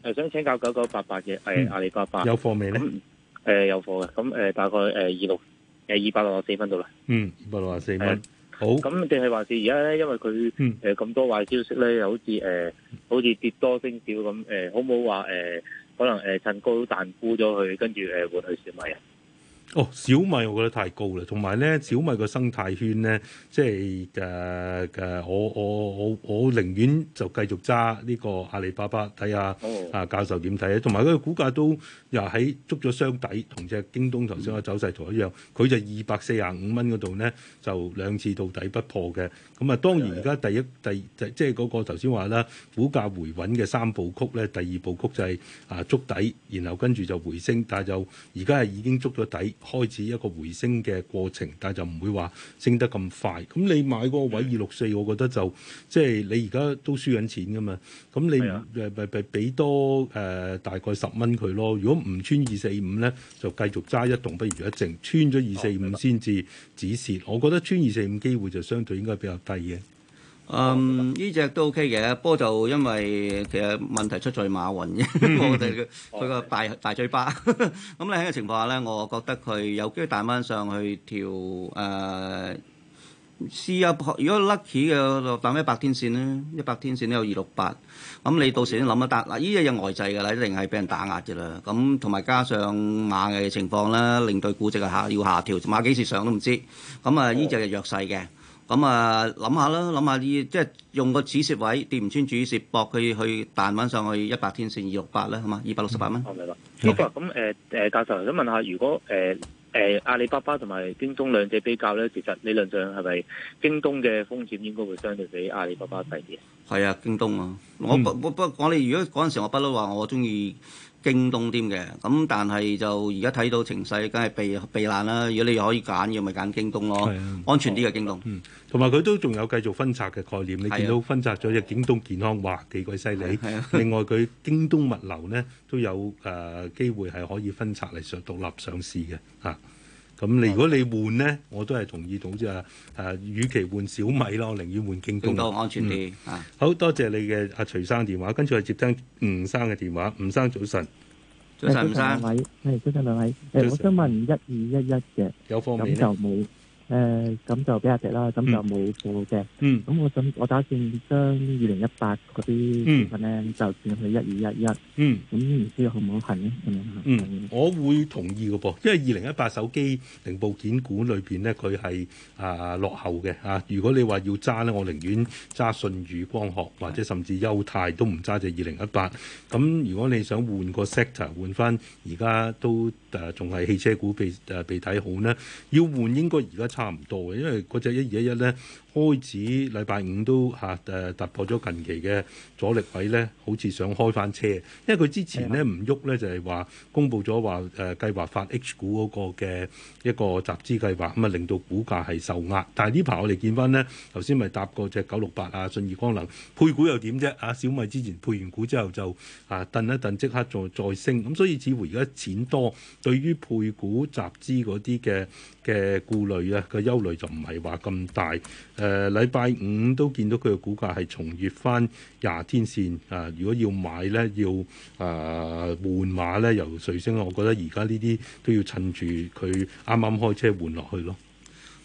誒，想請教九九八八嘅，係阿里巴巴有貨未咧？誒、嗯，有貨嘅，咁、嗯、誒，大概誒，二六誒，二百六十四分度啦。嗯，二百六十四蚊。好、嗯。咁，定係、嗯嗯、話是而家咧，因為佢誒咁多壞消息咧，又好似誒，好似、呃、跌多升少咁，誒、嗯嗯，好唔好話誒，可能誒、呃，趁高彈沽咗佢，跟住誒，換去小米啊？哦，oh, 小米我覺得太高啦，同埋咧，小米個生態圈咧，即係誒誒，我我我我寧願就繼續揸呢個阿里巴巴睇下。啊，教授點睇啊？同埋佢個股價都又喺捉咗箱底，同隻京東頭先個走勢圖一樣，佢就二百四十五蚊嗰度咧，就兩次到底不破嘅。咁啊，當然而家第一第即係嗰個頭先話啦，股價回穩嘅三部曲咧，第二部曲就係啊捉底，然後跟住就回升，但係就而家係已經捉咗底。開始一個回升嘅過程，但係就唔會話升得咁快。咁你買嗰個位二六四，我覺得就即係你而家都在輸緊錢㗎嘛。咁你誒俾的多誒、呃、大概十蚊佢咯。如果唔穿二四五咧，就繼續揸一動不如一靜。穿咗二四五先至止蝕。我覺得穿二四五機會就相對應該比較低嘅。嗯，呢隻都 OK 嘅，不過就因為其實問題出在馬雲嘅，我哋佢佢個大大嘴巴。咁 你喺個情況下咧，我覺得佢有機會大晚上去調誒 C 一下，如果 lucky 嘅就等一百天線咧，一百天線都有二六八。咁你到時咧諗一單嗱，依隻係外滯㗎啦，一定係俾人打壓嘅啦。咁同埋加上螞蟻嘅情況咧，令對估值係下要下調，馬幾時上都唔知。咁啊，依隻係弱勢嘅。咁啊，諗下啦，諗下啲即係用個止蝕位，跌唔穿止蝕博，佢去彈翻上去一百天線二六八啦，係嘛？二百六十八蚊。明白。知咁，誒誒，嗯、教授想問下，如果誒誒、呃呃、阿里巴巴同埋京東兩者比較咧，其實理論上係咪京東嘅風險應該會相對比阿里巴巴低啲？係啊，京東啊，我不不過講你，如果嗰陣時我不嬲話，我中意。京東啲嘅，咁、嗯、但係就而家睇到情勢，梗係避避難啦。如果你又可以揀要咪揀京東咯，係啊、安全啲嘅京東。嗯，同埋佢都仲有繼續分拆嘅概念。係啊、你見到分拆咗隻京東健康，哇，幾鬼犀利！係啊係啊、另外，佢京東物流呢都有誒、呃、機會係可以分拆嚟上獨立上市嘅嚇。啊。咁如果你換咧，我都係同意到，到。好似啊誒，與其換小米咯，我寧願換京東，安全啲、嗯。好多謝你嘅阿徐生電話，跟住我接聽吳生嘅電話。吳生早晨，早晨，吳生早晨，早晨兩位，係早晨兩位。誒、欸，我想問一二一一嘅有方便就冇？誒咁就比亞迪啦，咁就冇做嘅。咁我想我打算將二零一八嗰啲股份咧，嗯、就轉去一二一一。嗯，咁唔知好唔好行咧？嗯，嗯我會同意嘅噃，因為二零一八手機零部件股裏邊咧，佢係啊落後嘅嚇、啊。如果你話要揸咧，我寧願揸舜宇光學或者甚至優泰都唔揸就二零一八。咁如果你想換個 sector，換翻而家都誒仲係汽車股被誒、啊、被睇好呢，要換應該而家。差唔多嘅，因為嗰隻一二一一咧。開始禮拜五都嚇誒突破咗近期嘅阻力位咧，好似想開翻車。因為佢之前咧唔喐咧，就係話公佈咗話誒計劃發 H 股嗰個嘅一個集資計劃，咁啊令到股價係受壓。但係呢排我哋見翻咧，頭先咪搭過隻九六八啊、信義光能配股又點啫？啊，小米之前配完股之後就啊頓一頓即刻再再升。咁所以似乎而家錢多，對於配股集資嗰啲嘅嘅顧慮啊個憂慮就唔係話咁大。誒禮拜五都見到佢嘅股價係重越翻廿天線啊，呃！如果要買咧，要誒換，呃、馬咧，由瑞星，我覺得而家呢啲都要趁住佢啱啱開車換落去咯。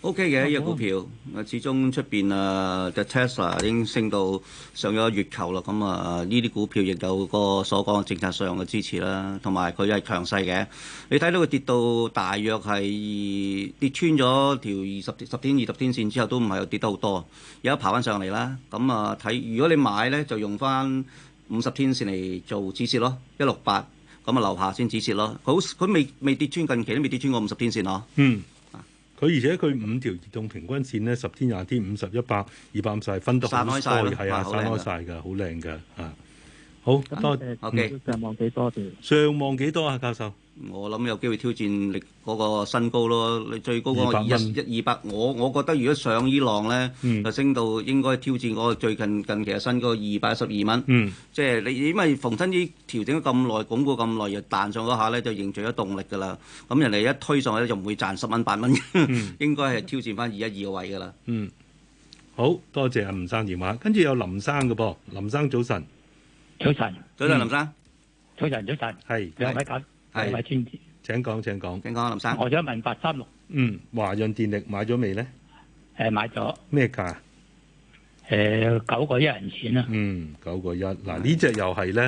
O K 嘅呢個股票，啊始終出邊啊，Tesla 已經升到上咗月球啦。咁啊，呢、uh, 啲股票亦有個所講嘅政策上嘅支持啦，同埋佢係強勢嘅。你睇到佢跌到大約係跌穿咗條二十十天二十天線之後，都唔係有跌得好多。啊。而家爬翻上嚟啦。咁啊，睇如果你買咧，就用翻五十天線嚟做止蝕咯，一六八咁啊，樓下先止蝕咯。好，佢未未跌穿近期都未跌穿過五十天線哦。嗯。佢而且佢五條移動平均線咧，十天、廿天、五十一百、二百五十，係，分得好多，係啊，散開晒㗎，好靚㗎啊！好，多謝。O.K. 上望幾多？上望幾多啊，教授？我諗有機會挑戰力嗰個新高咯。你最高嗰個二一、一二百，我我覺得如果上呢浪咧，就升到應該挑戰我最近近期嘅新高二百一十二蚊。嗯，即係你因為逢親啲調整咗咁耐，鞏固咁耐，又彈上嗰下咧，就凝聚咗動力噶啦。咁人哋一推上去咧，就唔會賺十蚊八蚊。嗯，應該係挑戰翻二一二個位噶啦。嗯，好多謝阿吳生電話，跟住有林生嘅噃，林生早晨。早晨，早晨，林生。早晨，早晨，係兩位監，兩位專家，請講，請講，請講，林生。我想問八三六，嗯，華潤電力買咗未咧？誒，買咗。咩價？誒，九個一銀錢啦。嗯，九個一。嗱，呢隻又係咧，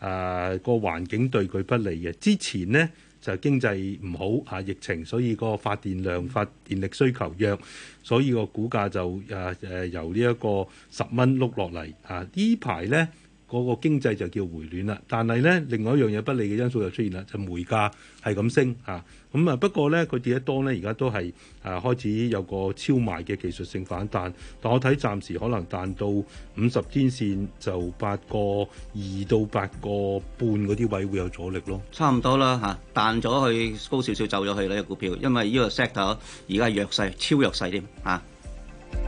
誒，個環境對佢不利嘅。之前咧就經濟唔好啊，疫情，所以個發電量、發電力需求弱，所以個股價就誒誒由呢一個十蚊碌落嚟啊！呢排咧。嗰個經濟就叫回暖啦，但係咧另外一樣嘢不利嘅因素就出現啦，就是、煤價係咁升嚇，咁啊不過咧佢跌得多咧，而家都係誒、啊、開始有個超賣嘅技術性反彈，但我睇暫時可能彈到五十天線就八個二到八個半嗰啲位會有阻力咯，差唔多啦嚇、啊，彈咗去高少少走咗去呢嘅、呢個、股票，因為呢個 sector 而家弱勢超弱勢添嚇。啊。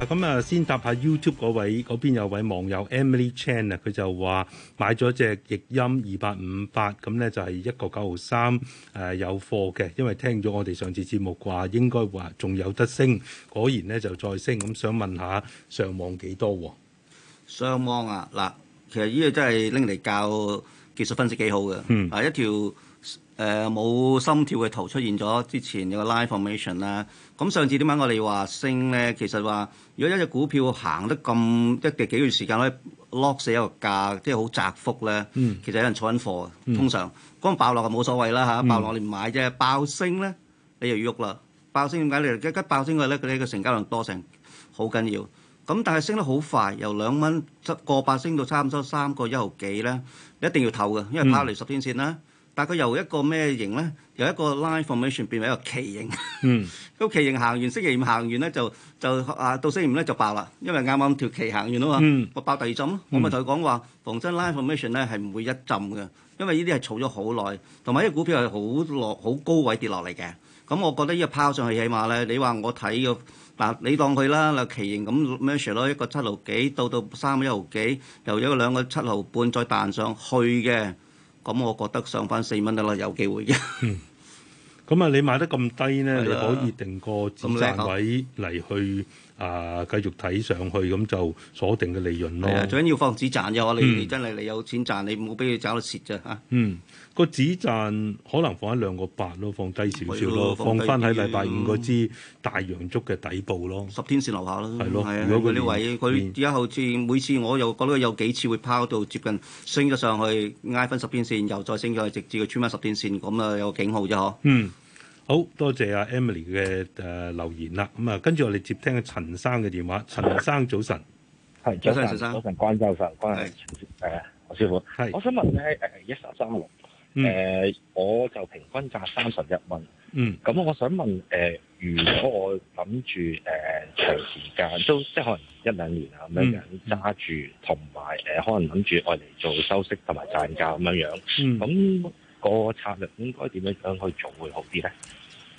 咁啊，先答下 YouTube 嗰位，嗰邊有位網友 Emily Chan 啊，佢就話買咗隻逆音二八五八，咁咧就係一個九毫三誒有貨嘅，因為聽咗我哋上次節目話應該話仲有得升，果然咧就再升。咁想問下上望幾多？上望啊嗱，其實呢個真係拎嚟教技術分析幾好嘅。嗯，啊一條。誒冇心跳嘅圖出現咗，之前有個 line formation 啦。咁上次點解我哋話升咧？其實話如果一隻股票行得咁一幾段時間可以 lock 死一個價，即係好窄幅咧，其實有人儲緊貨。通常嗰個爆落就冇所謂啦嚇，爆落你唔買啫。爆升咧，你又要喐啦。爆升點解？你一爆升嘅咧，佢哋嘅成交量多成好緊要。咁但係升得好快，由兩蚊七個八升到差唔多三個一毫幾咧，一定要投嘅，因為跑嚟十天線啦。但係佢由一個咩型咧，由一個 line formation 變為一個旗形。嗯。咁 旗形行完，星期五行完咧，就就啊到星期五咧就爆啦，因為啱啱條旗行完啊嘛。嗯。爆第二針咯，嗯、我咪同佢講話，逢親 line formation 咧係唔會一浸嘅，因為呢啲係儲咗好耐，同埋呢啲股票係好落好高位跌落嚟嘅。咁我覺得呢個拋上去起碼咧，你話我睇個嗱，你當佢啦，嗱旗形咁 measure 咯，一個七毫幾到到三個一毫幾，由一個兩個七毫半再彈上去嘅。咁我覺得上翻四蚊得啦，有機會嘅。嗯。咁啊，你買得咁低咧，啊、你可以定個止賺位嚟去啊、呃，繼續睇上去，咁就鎖定嘅利潤咯。係啊，最緊要放止賺啫，我你、嗯、你真係你有錢賺，你唔好俾佢賺到蝕啫嚇。啊、嗯。個止賺可能放喺兩個八咯，放低少少咯，放翻喺禮拜五嗰支大陽燭嘅底部咯。十天線樓下咯，係咯的。如果佢呢、嗯、位，佢而家好似每次我又覺得有幾次會拋到接近升咗上去，挨分十天線，又再升咗去，直至佢穿翻十天線，咁啊有警號啫嗬，嗯，好多謝阿 Emily 嘅誒留言啦。咁啊，跟住我哋接聽陳生嘅電話。陳生早晨，早晨，早晨，早晨，關教授，關誒、呃呃呃、何師傅。我想問你係一十三六。Uh, yes, 誒、嗯呃，我就平均價三十一蚊。嗯。咁我想問誒、呃，如果我諗住誒長時間，都即係可能一兩年啊咁樣這樣揸、嗯、住，同埋誒可能諗住愛嚟做收息同埋賺價咁樣樣。嗯。咁、那個策略應該點樣樣去做會好啲咧？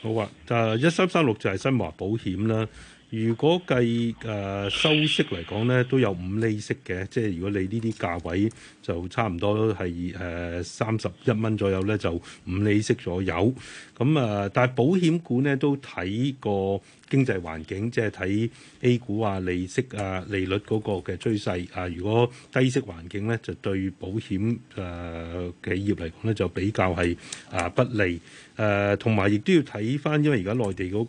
好啊，誒一三三六就係新華保險啦。如果計誒、呃、收息嚟講咧，都有五釐息嘅，即係如果你呢啲價位。就差唔多都係誒三十一蚊左右咧，就五厘息左右。咁啊！但係保險股咧都睇個經濟環境，即係睇 A 股啊、利息啊、利率嗰個嘅趨勢啊。如果低息環境咧，就對保險誒、啊、企業嚟講咧就比較係啊不利誒，同埋亦都要睇翻，因為而家內地嗰、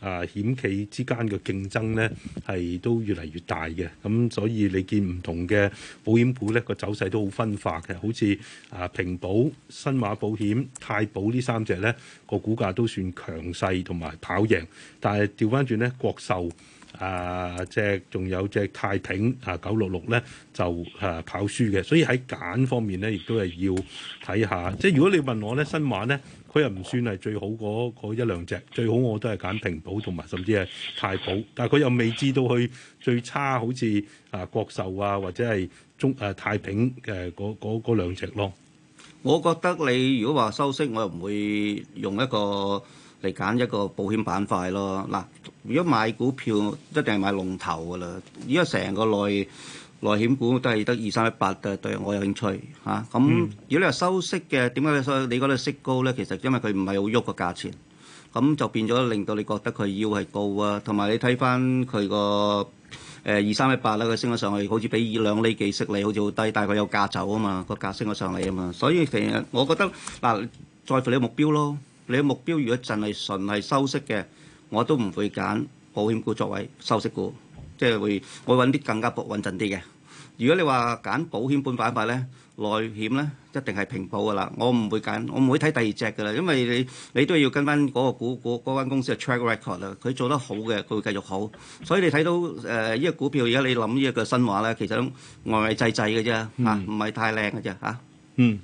個啊險企之間嘅競爭咧係都越嚟越大嘅。咁所以你見唔同嘅保險股咧個走勢。都好分化嘅，好似啊平保、新華保險、泰保三呢三隻咧，個股價都算強勢同埋跑贏。但係調翻轉咧，國壽啊隻仲有隻太平啊九六六咧，就啊跑輸嘅。所以喺揀方面咧，亦都係要睇下。即係如果你問我咧，新華咧。佢又唔算係最好嗰一兩隻，最好我都係揀平保同埋甚至係太保，但係佢又未知到去最差，好似啊國壽啊或者係中誒、啊、太平嘅嗰嗰兩隻咯。我覺得你如果話收息，我又唔會用一個嚟揀一個保險板塊咯。嗱，如果買股票一定係買龍頭㗎啦，因為成個內。內險股都係得二三一八，8, 對我有興趣嚇？咁、啊嗯、如果你話收息嘅，點解你覺得息高咧？其實因為佢唔係好喐個價錢，咁就變咗令到你覺得佢腰係高 8, 啊。同埋你睇翻佢個誒二三一八咧，佢升咗上去，好似比兩厘幾息你好似好低。但係佢有價走啊嘛，個價升咗上嚟啊嘛。所以其實我覺得嗱、嗯，在乎你目標咯。你嘅目標如果淨係純係收息嘅，我都唔會揀保險股作為收息股。即係會，我揾啲更加穩穩陣啲嘅。如果你話揀保險本板塊咧，內險咧一定係平保㗎喇。我唔會揀，我唔會睇第二隻㗎喇。因為你你都要跟翻嗰個股股嗰間公司嘅 track record 啦。佢做得好嘅，佢會繼續好。所以你睇到誒呢、呃呢個股票而家你諗呢一個新話咧，其實都呆呆滯滯嘅啫，吓唔係太靚嘅啫，吓、啊。嗯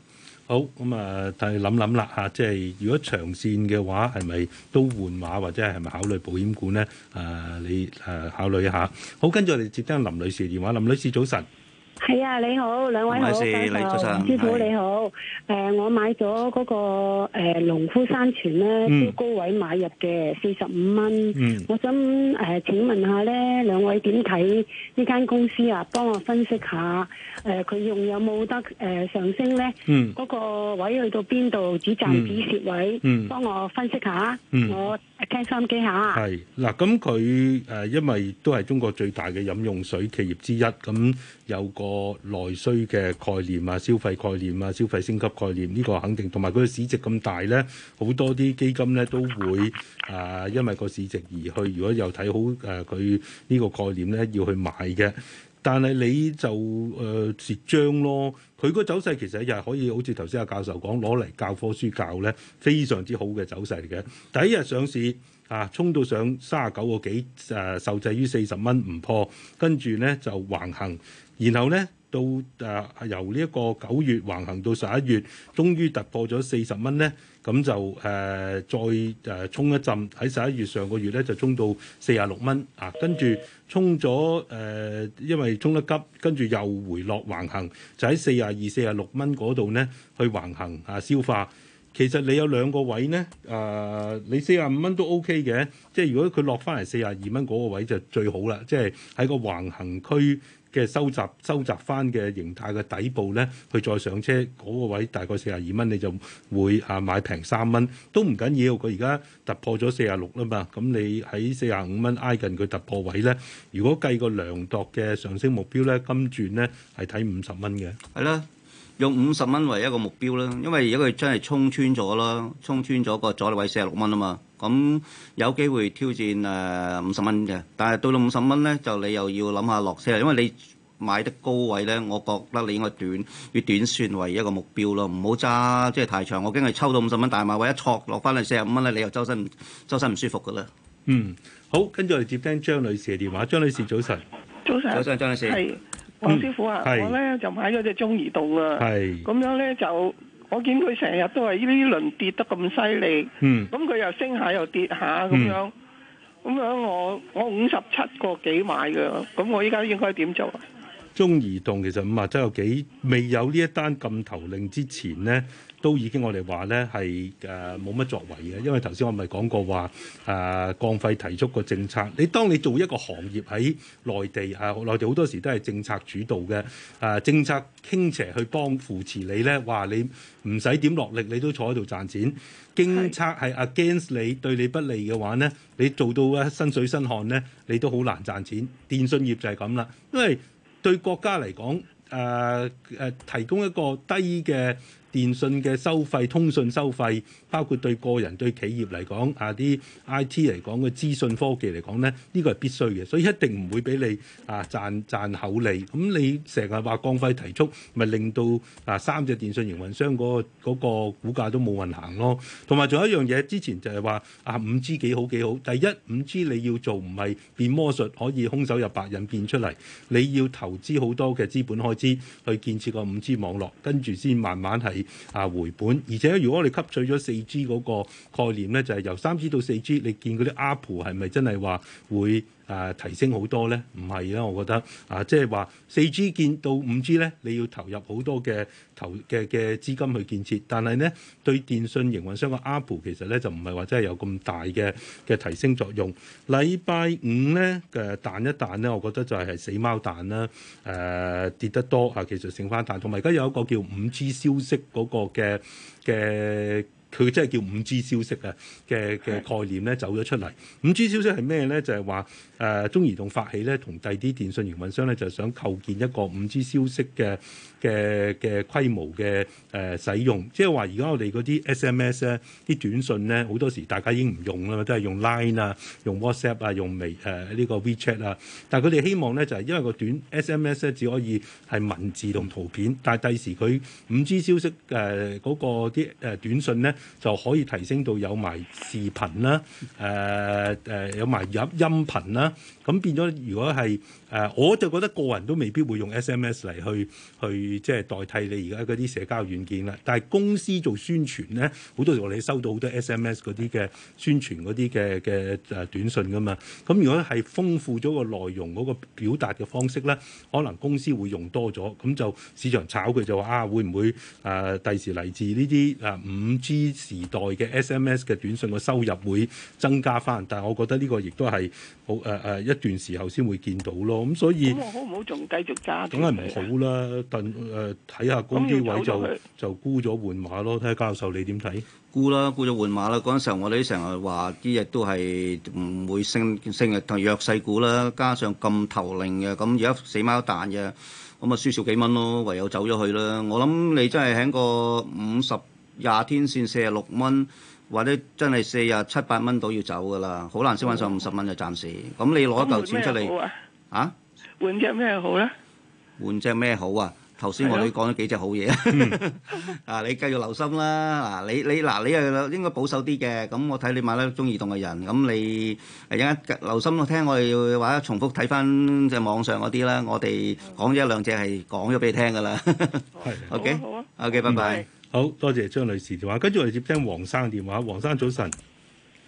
好咁、嗯、啊！但係諗諗啦吓，即係如果長線嘅話，係咪都換馬或者係咪考慮保險股咧？啊、呃，你啊、呃、考慮一下。好，跟住我哋接聽林女士電話。林女士，早晨。係啊，你好，兩位好，教授師傅你好。誒，我買咗嗰個誒農夫山泉咧，超高位買入嘅四十五蚊。嗯，我想誒，請問下咧，兩位點睇呢間公司啊？幫我分析下。誒，佢用有冇得誒上升咧？嗰個位去到邊度？止賺止蝕位？嗯，幫我分析下。我。聽心機嚇，嗱，咁佢誒，因為都係中國最大嘅飲用水企業之一，咁有個內需嘅概念啊，消費概念啊，消費升級概念呢、呢個肯定，同埋佢個市值咁大呢，好多啲基金呢都會誒、呃，因為個市值而去，如果有睇好誒佢呢個概念呢，要去買嘅。但係你就誒蝕張咯，佢個走勢其實又係可以好似頭先阿教授講攞嚟教科書教咧，非常之好嘅走勢嚟嘅。第一日上市啊，衝到上三十九個幾誒、啊，受制於四十蚊唔破，跟住咧就橫行，然後咧。到誒、呃、由呢一個九月橫行到十一月，終於突破咗四十蚊咧，咁就誒、呃、再誒衝、呃、一陣喺十一月上個月咧就衝到四廿六蚊啊，跟住衝咗誒，因為衝得急，跟住又回落橫行，就喺四廿二四廿六蚊嗰度咧去橫行啊消化。其實你有兩個位咧，誒、呃、你四廿五蚊都 OK 嘅，即係如果佢落翻嚟四廿二蚊嗰個位就最好啦，即係喺個橫行區。嘅收集收集翻嘅形態嘅底部咧，佢再上車嗰個位大概四廿二蚊，你就會啊買平三蚊都唔緊要。佢而家突破咗四廿六啦嘛，咁你喺四廿五蚊挨近佢突破位咧，如果計個量度嘅上升目標咧，金轉咧係睇五十蚊嘅。係啦，用五十蚊為一個目標啦，因為如果佢真係衝穿咗啦，衝穿咗個阻力位四廿六蚊啊嘛。咁、嗯、有機會挑戰誒五十蚊嘅，但係到到五十蚊咧，就你又要諗下落車啦，因為你買得高位咧，我覺得你應該短要短線為一個目標咯，唔好揸即係太長。我驚佢抽到五十蚊大買，但一挫落翻去四十五蚊咧，你又周身周身唔舒服噶啦。嗯，好，跟住我哋接聽張女士嘅電話。張女士早晨，早晨，早晨，張女士，係黃師傅啊，嗯、我咧就買咗隻中移動啊，係咁是樣咧就。我見佢成日都係呢輪跌得咁犀利，咁佢、嗯、又升下又跌下咁樣，咁、嗯、樣我我五十七個幾買嘅，咁我依家應該點做啊？中移動其實五月份有幾未有呢一單禁投令之前咧，都已經我哋話咧係誒冇乜作為嘅，因為頭先我咪講過話誒、呃、降費提速個政策。你當你做一個行業喺內地啊、呃，內地好多時都係政策主導嘅誒、呃，政策傾斜去幫扶持你咧，話你唔使點落力，你都坐喺度賺錢。政策係 against 你對你不利嘅話咧，你做到啊身水身汗咧，你都好難賺錢。電信業就係咁啦，因為。對國家嚟講，誒、呃、誒、呃，提供一個低嘅。電信嘅收費、通訊收費，包括對個人、對企業嚟講，啊啲 I.T. 嚟講嘅資訊科技嚟講咧，呢，呢個係必須嘅，所以一定唔會俾你啊賺賺厚利。咁你成日話降費提速，咪令到啊三隻電信營運商嗰個嗰個股價都冇運行咯。同埋仲有一樣嘢，之前就係話啊五 G 幾好幾好。第一五 G 你要做唔係變魔術，可以空手入白刃變出嚟，你要投資好多嘅資本開支去建設個五 G 網絡，跟住先慢慢係。啊回本，而且如果你吸取咗四 G 嗰個概念咧，就係由三 G 到四 G，你見嗰啲 Apple 係咪真係話會。誒、呃、提升好多咧，唔係啦，我覺得啊，即係話四 G 見到五 G 咧，你要投入好多嘅投嘅嘅資金去建設，但係咧對電信營運商個 Apple 其實咧就唔係話真係有咁大嘅嘅提升作用。禮拜五咧嘅彈一彈咧，我覺得就係係死貓彈啦，誒、呃、跌得多啊，其實剩翻彈，同埋而家有一個叫五 G 消息嗰個嘅嘅。佢真係叫五 G 消息啊嘅嘅概念咧走咗出嚟，五是的 G 消息係咩咧？就係話誒中移動發起咧，同第二啲電信營運商咧，就係、是、想構建一個五 G 消息嘅。嘅嘅規模嘅誒、呃、使用，即係話而家我哋嗰啲 SMS 咧、啊，啲短信咧好多時大家已經唔用啦，都係用 Line 啊，用 WhatsApp 啊，用微誒呢、呃這個 WeChat 啊。但係佢哋希望咧就係、是、因為個短 SMS 咧只可以係文字同圖片，但係第時佢五 G 消息誒嗰、呃那個啲誒短信咧就可以提升到有埋視頻啦，誒、呃、誒、呃、有埋音音頻啦。咁、啊、變咗如果係誒、呃，我就覺得個人都未必會用 SMS 嚟去去。去即係代替你而家嗰啲社交軟件啦，但係公司做宣傳咧，好多時候你收到好多 SMS 嗰啲嘅宣傳嗰啲嘅嘅誒短信噶嘛。咁如果係豐富咗個內容嗰個表達嘅方式咧，可能公司會用多咗，咁就市場炒佢就話啊，會唔會誒第時嚟自呢啲誒五 G 時代嘅 SMS 嘅短信嘅收入會增加翻？但係我覺得呢個亦都係好誒誒、啊啊、一段時候先會見到咯。咁所以好唔好仲繼續揸？梗係唔好啦，誒睇下嗰啲位就就沽咗換馬咯，睇下教授你點睇？沽啦，沽咗換馬啦。嗰陣時候我哋成日話啲日都係唔會升升，日同弱勢股啦。加上咁頭令嘅，咁而家死貓彈嘅，咁啊輸少幾蚊咯，唯有走咗去啦。我諗你真係喺個五十廿天線四十六蚊，或者真係四廿七八蚊度要走噶啦，好難先揾上五十蚊，就暫時。咁、哦、你攞一嚿錢出嚟啊？換隻咩好咧？換隻咩好啊？啊。頭先我都講咗幾隻好嘢啊！啊，你繼續留心啦。嗱，你你嗱，你係應該保守啲嘅。咁我睇你買得中移動嘅人。咁你而家留心我聽，我哋要話一重複睇翻隻網上嗰啲啦。我哋講咗一兩隻係講咗俾你聽噶啦。係。OK。好啊。OK，拜拜。好多謝張女士電話。跟住我哋接聽黃生電話。黃生早晨。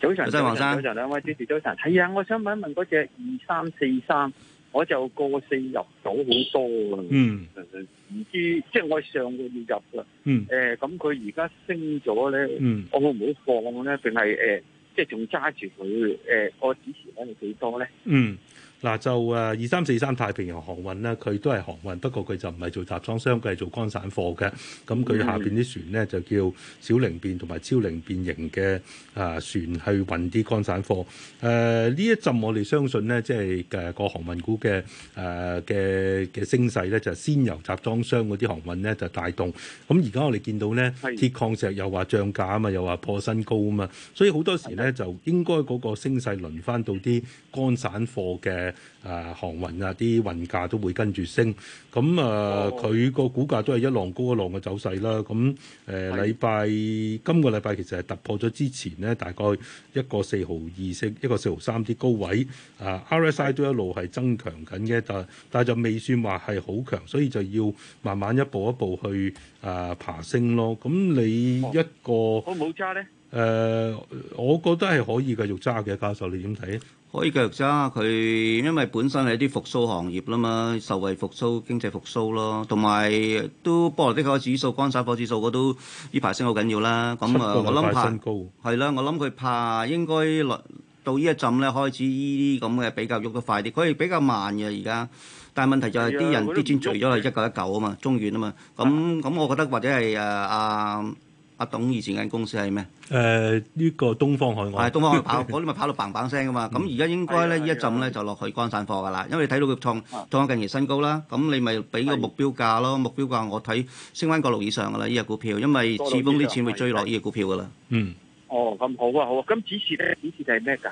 早晨，真係黃生。早晨兩位主持早晨。係啊，我想問一問嗰隻二三四三。我就過四入咗好多㗎，唔、嗯嗯嗯、知即係我上個月入啦，誒咁佢而家升咗咧，嗯、我會唔會放咧？定係誒即係仲揸住佢？誒、呃、我支持係幾多咧？嗯嗱就誒二三四三太平洋航運咧，佢都係航運，不過佢就唔係做集裝箱，佢係做乾散貨嘅。咁佢下邊啲船咧就叫小靈便同埋超靈便型嘅啊船去運啲乾散貨。誒、呃、呢一陣我哋相信咧，即係誒個航運股嘅誒嘅嘅升勢咧，就係、是、先由集裝箱嗰啲航運咧就帶動。咁而家我哋見到咧，的鐵礦石又話漲價啊嘛，又話破新高啊嘛，所以好多時咧就應該嗰個升勢輪返到啲乾散貨嘅。啊，航運啊，啲運價都會跟住升，咁啊，佢個、oh. 股價都係一浪高一浪嘅走勢啦。咁誒，啊、的禮拜今個禮拜其實係突破咗之前咧，大概一個四毫二升，一個四毫三啲高位。啊，RSI 都一路係增強緊嘅，但但係就未算話係好強，所以就要慢慢一步一步去啊爬升咯。咁你一個、oh. 好冇揸咧。誒，我覺得係可以繼續揸嘅，教授你點睇？可以繼續揸佢，因為本身係一啲復甦行業啦嘛，受惠復甦、經濟復甦咯，同埋都波羅的海指數、乾散貨指數，我都呢排升好緊要啦。咁啊，我諗怕係啦，我諗佢怕應該來到呢一陣咧，開始呢啲咁嘅比較喐得快啲。佢係比較慢嘅而家，但係問題就係啲人啲錢聚咗嚟一嚿一嚿啊嘛，中遠啊嘛。咁咁，我覺得或者係誒阿。阿董以前間公司係咩？誒呢個東方海外。係東方海跑，嗰啲咪跑到砰砰聲噶嘛？咁而家應該咧一陣咧就落去乾散貨噶啦，因為你睇到佢創創近年新高啦，咁你咪俾個目標價咯。目標價我睇升翻個六以上噶啦，呢隻股票，因為始終啲錢會追落呢隻股票噶啦。嗯。哦，咁好啊，好啊。咁止蝕咧，止蝕係咩㗎？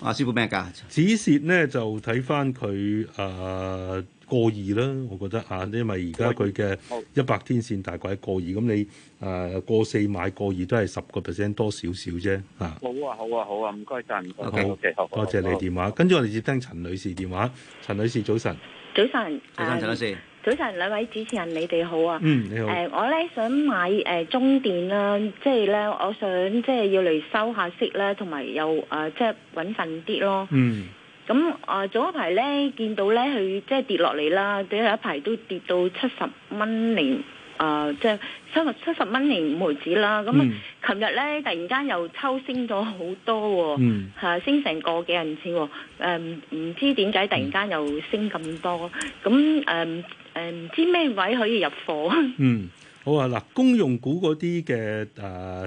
阿師傅咩㗎？止蝕咧就睇翻佢誒。過二啦，我覺得啊，因為而家佢嘅一百天線大概係過二，咁你誒過四買過二都係十個 percent 多少少啫，嚇。好啊好啊好啊，唔該晒。O K O K，多謝你電話。跟住我哋接聽陳女士電話。陳女士早晨。早晨。早晨，陳女士。早晨，兩位主持人你哋好啊。嗯，你好。誒，我咧想買誒中電啦，即係咧我想即係要嚟收下息啦，同埋又誒即係穩陣啲咯。嗯。咁啊，早一排咧，見到咧佢即係跌落嚟啦。最後一排都跌到七十蚊零，啊，即係七十七十蚊零五毫子啦。咁啊，琴日咧突然間又抽升咗好多，嚇升成個幾銀字。誒唔知點解突然間又升咁多？咁誒誒唔知咩位可以入貨？嗯，好啊嗱，公用股嗰啲嘅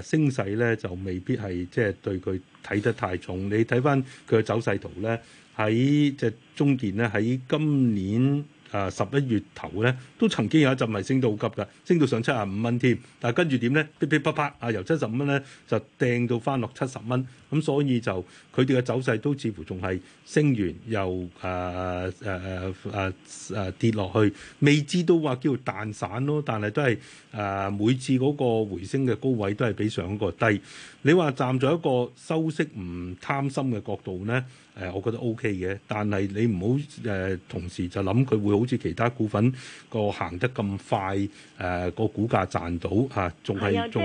誒升勢咧，就未必係即係對佢睇得太重。你睇翻佢嘅走勢圖咧。喺隻中電咧，喺今年啊十一月頭咧，都曾經有一陣咪升到好急噶，升到上七十五蚊添。但跟住點咧？噼噼啪啪啊，由七十五蚊咧就掟到翻落七十蚊。咁所以就佢哋嘅走勢都似乎仲係升完又啊啊啊啊啊跌落去，未知都話叫彈散咯。但係都係啊、呃、每次嗰個回升嘅高位都係比上一個低。你話站在一個收息唔貪心嘅角度咧？誒，我覺得 O K 嘅，但係你唔好誒，同時就諗佢會好似其他股份個行得咁快，誒個股價賺到吓，仲係仲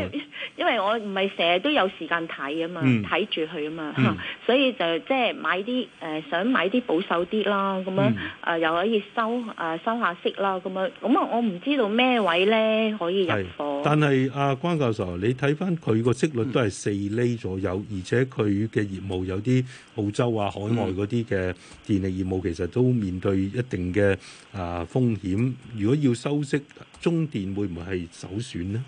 因為我唔係成日都有時間睇啊嘛，睇住佢啊嘛，所以就即係買啲誒，想買啲保守啲啦，咁樣啊又可以收啊收下息啦，咁樣咁啊，我唔知道咩位咧可以入貨。但係啊，關教授，你睇返佢個息率都係四厘左右，而且佢嘅業務有啲澳洲啊，可海外嗰啲嘅電力業務其實都面對一定嘅啊風險。如果要收息，中電會唔會係首選咧？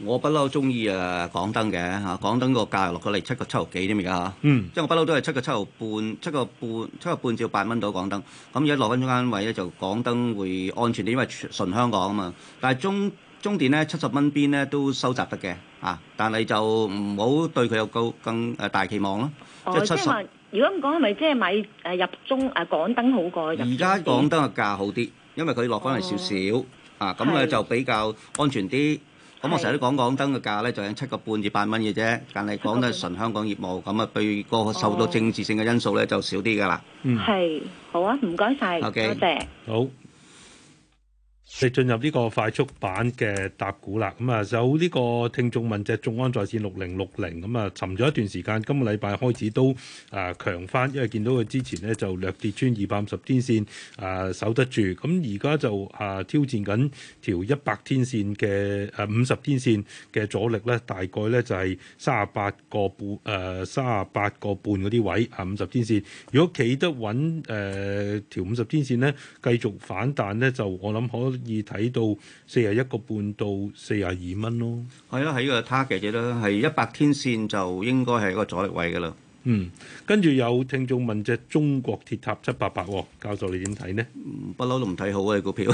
我不嬲中意啊，港燈嘅嚇，港燈個價落咗嚟，七個七毫幾添而家嚇，嗯，即係我不嬲都係七個七毫半，七個半，七個半至到八蚊度港燈。咁而家落緊中間位咧，就港燈會安全啲，因為純香港啊嘛。但係中中電咧七十蚊邊咧都收集得嘅啊，但係就唔好對佢有夠更誒大期望咯，即係七十。如果唔講，係咪即係買誒入中誒港燈好過入。而家港燈嘅價好啲，因為佢落翻嚟少少啊，咁咧就比較安全啲。咁我成日都講港燈嘅價咧，就有七個半至八蚊嘅啫。但係講得純香港業務，咁啊，譬如個受到政治性嘅因素咧，就少啲噶啦。嗯，係好啊，唔該曬，OK，多謝，好。我哋進入呢個快速版嘅答股啦，咁、嗯、啊有呢個聽眾問隻眾安在綫六零六零，咁啊沉咗一段時間，今個禮拜開始都啊強返，因為見到佢之前咧就略跌穿二百五十天綫啊、呃、守得住，咁而家就啊、呃、挑戰緊條一百天綫嘅誒五十天綫嘅阻力咧，大概咧就係三十八個半誒三十八個半嗰啲位啊五十天綫，如果企得穩誒條五十天綫咧繼續反彈咧，就我諗可。易睇到四廿、嗯、一個半到四廿二蚊咯，係啦，喺個 target 啦，係一百天線就應該係一個阻力位噶啦。嗯，跟住有聽眾問隻中國鐵塔七八八，教授你點睇呢？不嬲都唔睇好啊股票，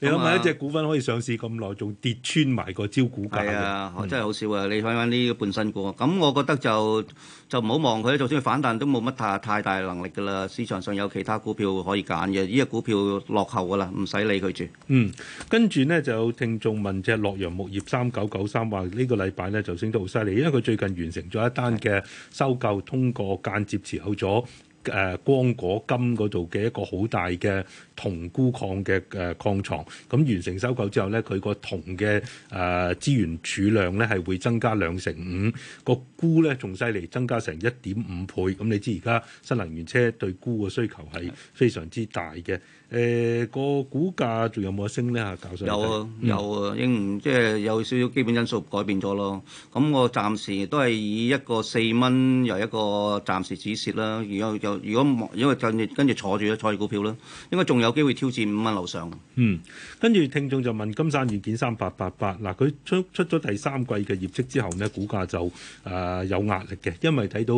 你諗下，一隻股份可以上市咁耐，仲跌穿埋個招股價嘅，啊、嗯，真係好少啊！你睇翻呢半新股，咁我覺得就。就唔好望佢，就算佢反彈都冇乜太太大能力㗎啦。市場上有其他股票可以揀嘅，呢個股票落後㗎啦，唔使理佢住。嗯，跟住呢，就聽眾問，隻洛陽木業三九九三，話呢個禮拜呢就升得好犀利，因為佢最近完成咗一單嘅收購，通過間接持有咗。誒、呃、光果金嗰度嘅一個好大嘅銅鈷礦嘅誒、呃、礦床，咁、嗯、完成收購之後咧，佢個銅嘅誒、呃、資源儲量咧係會增加兩成五，個鈷咧仲犀利，增加成一點五倍。咁、嗯、你知而家新能源車對鈷嘅需求係非常之大嘅。誒，個股價仲有冇升呢吓？有啊有啊，應即係有少少基本因素改變咗咯。咁我暫時都係以一個四蚊由一個暫時止蝕啦。如果又如果冇，因為跟住跟住坐住咗坐住股票啦，應該仲有機會挑戰五蚊樓上。嗯，跟住聽眾就問金山軟件三八八八嗱，佢出出咗第三季嘅業績之後呢，股價就誒有壓力嘅，因為睇到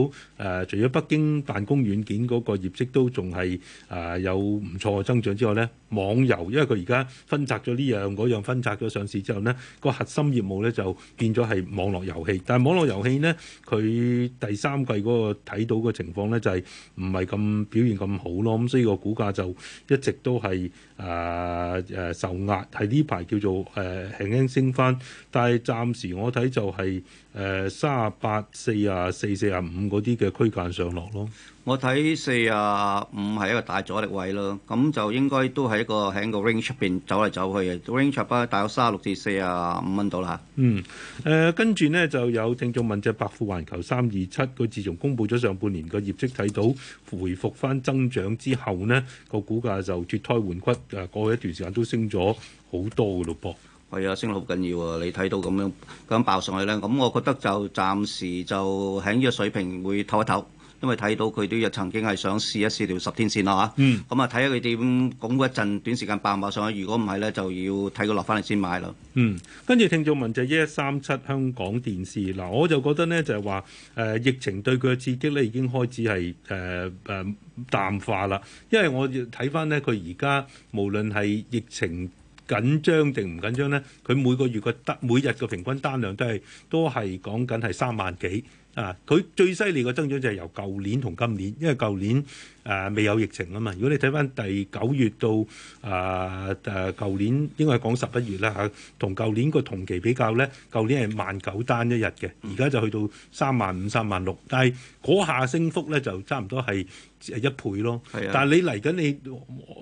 誒除咗北京辦公軟件嗰個業績都仲係誒有唔錯嘅增。咗之後咧。網遊因為佢而家分拆咗呢樣嗰樣分拆咗上市之後咧，個核心業務咧就變咗係網絡遊戲，但係網絡遊戲咧，佢第三季嗰個睇到嘅情況咧就係唔係咁表現咁好咯。咁所以個股價就一直都係誒誒受壓係呢排叫做誒、呃、輕輕升翻。但係暫時我睇就係誒三啊八、四啊四、四啊五嗰啲嘅區間上落咯。我睇四啊五係一個大阻力位咯，咁就應該都係。一個喺個 range 出邊走嚟走去嘅 range 出邊大約三十六至四十五蚊到啦。嗯，誒、呃，跟住呢就有聽眾問隻百富環球三二七，佢自從公布咗上半年個業績睇到回復翻增長之後呢個股價就脱胎換骨，誒、呃，過去一段時間都升咗好多噶咯噃。係啊，升得好緊要啊！你睇到咁樣咁爆上去咧，咁我覺得就暫時就喺呢個水平會唞一唞。因為睇到佢都有曾經係想試一試條十天線啦，嗯，咁啊睇下佢點拱一陣，短時間爆碼上去。如果唔係咧，就要睇佢落翻嚟先買啦。嗯，跟住聽眾問就1137香港電視嗱，我就覺得呢，就係話誒疫情對佢嘅刺激呢已經開始係誒誒淡化啦。因為我要睇翻呢，佢而家無論係疫情緊張定唔緊張呢，佢每個月嘅單每日嘅平均單量都係都係講緊係三萬幾。啊！佢最犀利嘅增長就係由舊年同今年，因為舊年。誒、啊、未有疫情啊嘛！如果你睇翻第九月到誒誒舊年，應該係講十一月啦嚇，同、啊、舊年個同期比較咧，舊年係萬九單一日嘅，而家就去到三萬五、三萬六，但係嗰下升幅咧就差唔多係一倍咯。係啊、但係你嚟緊你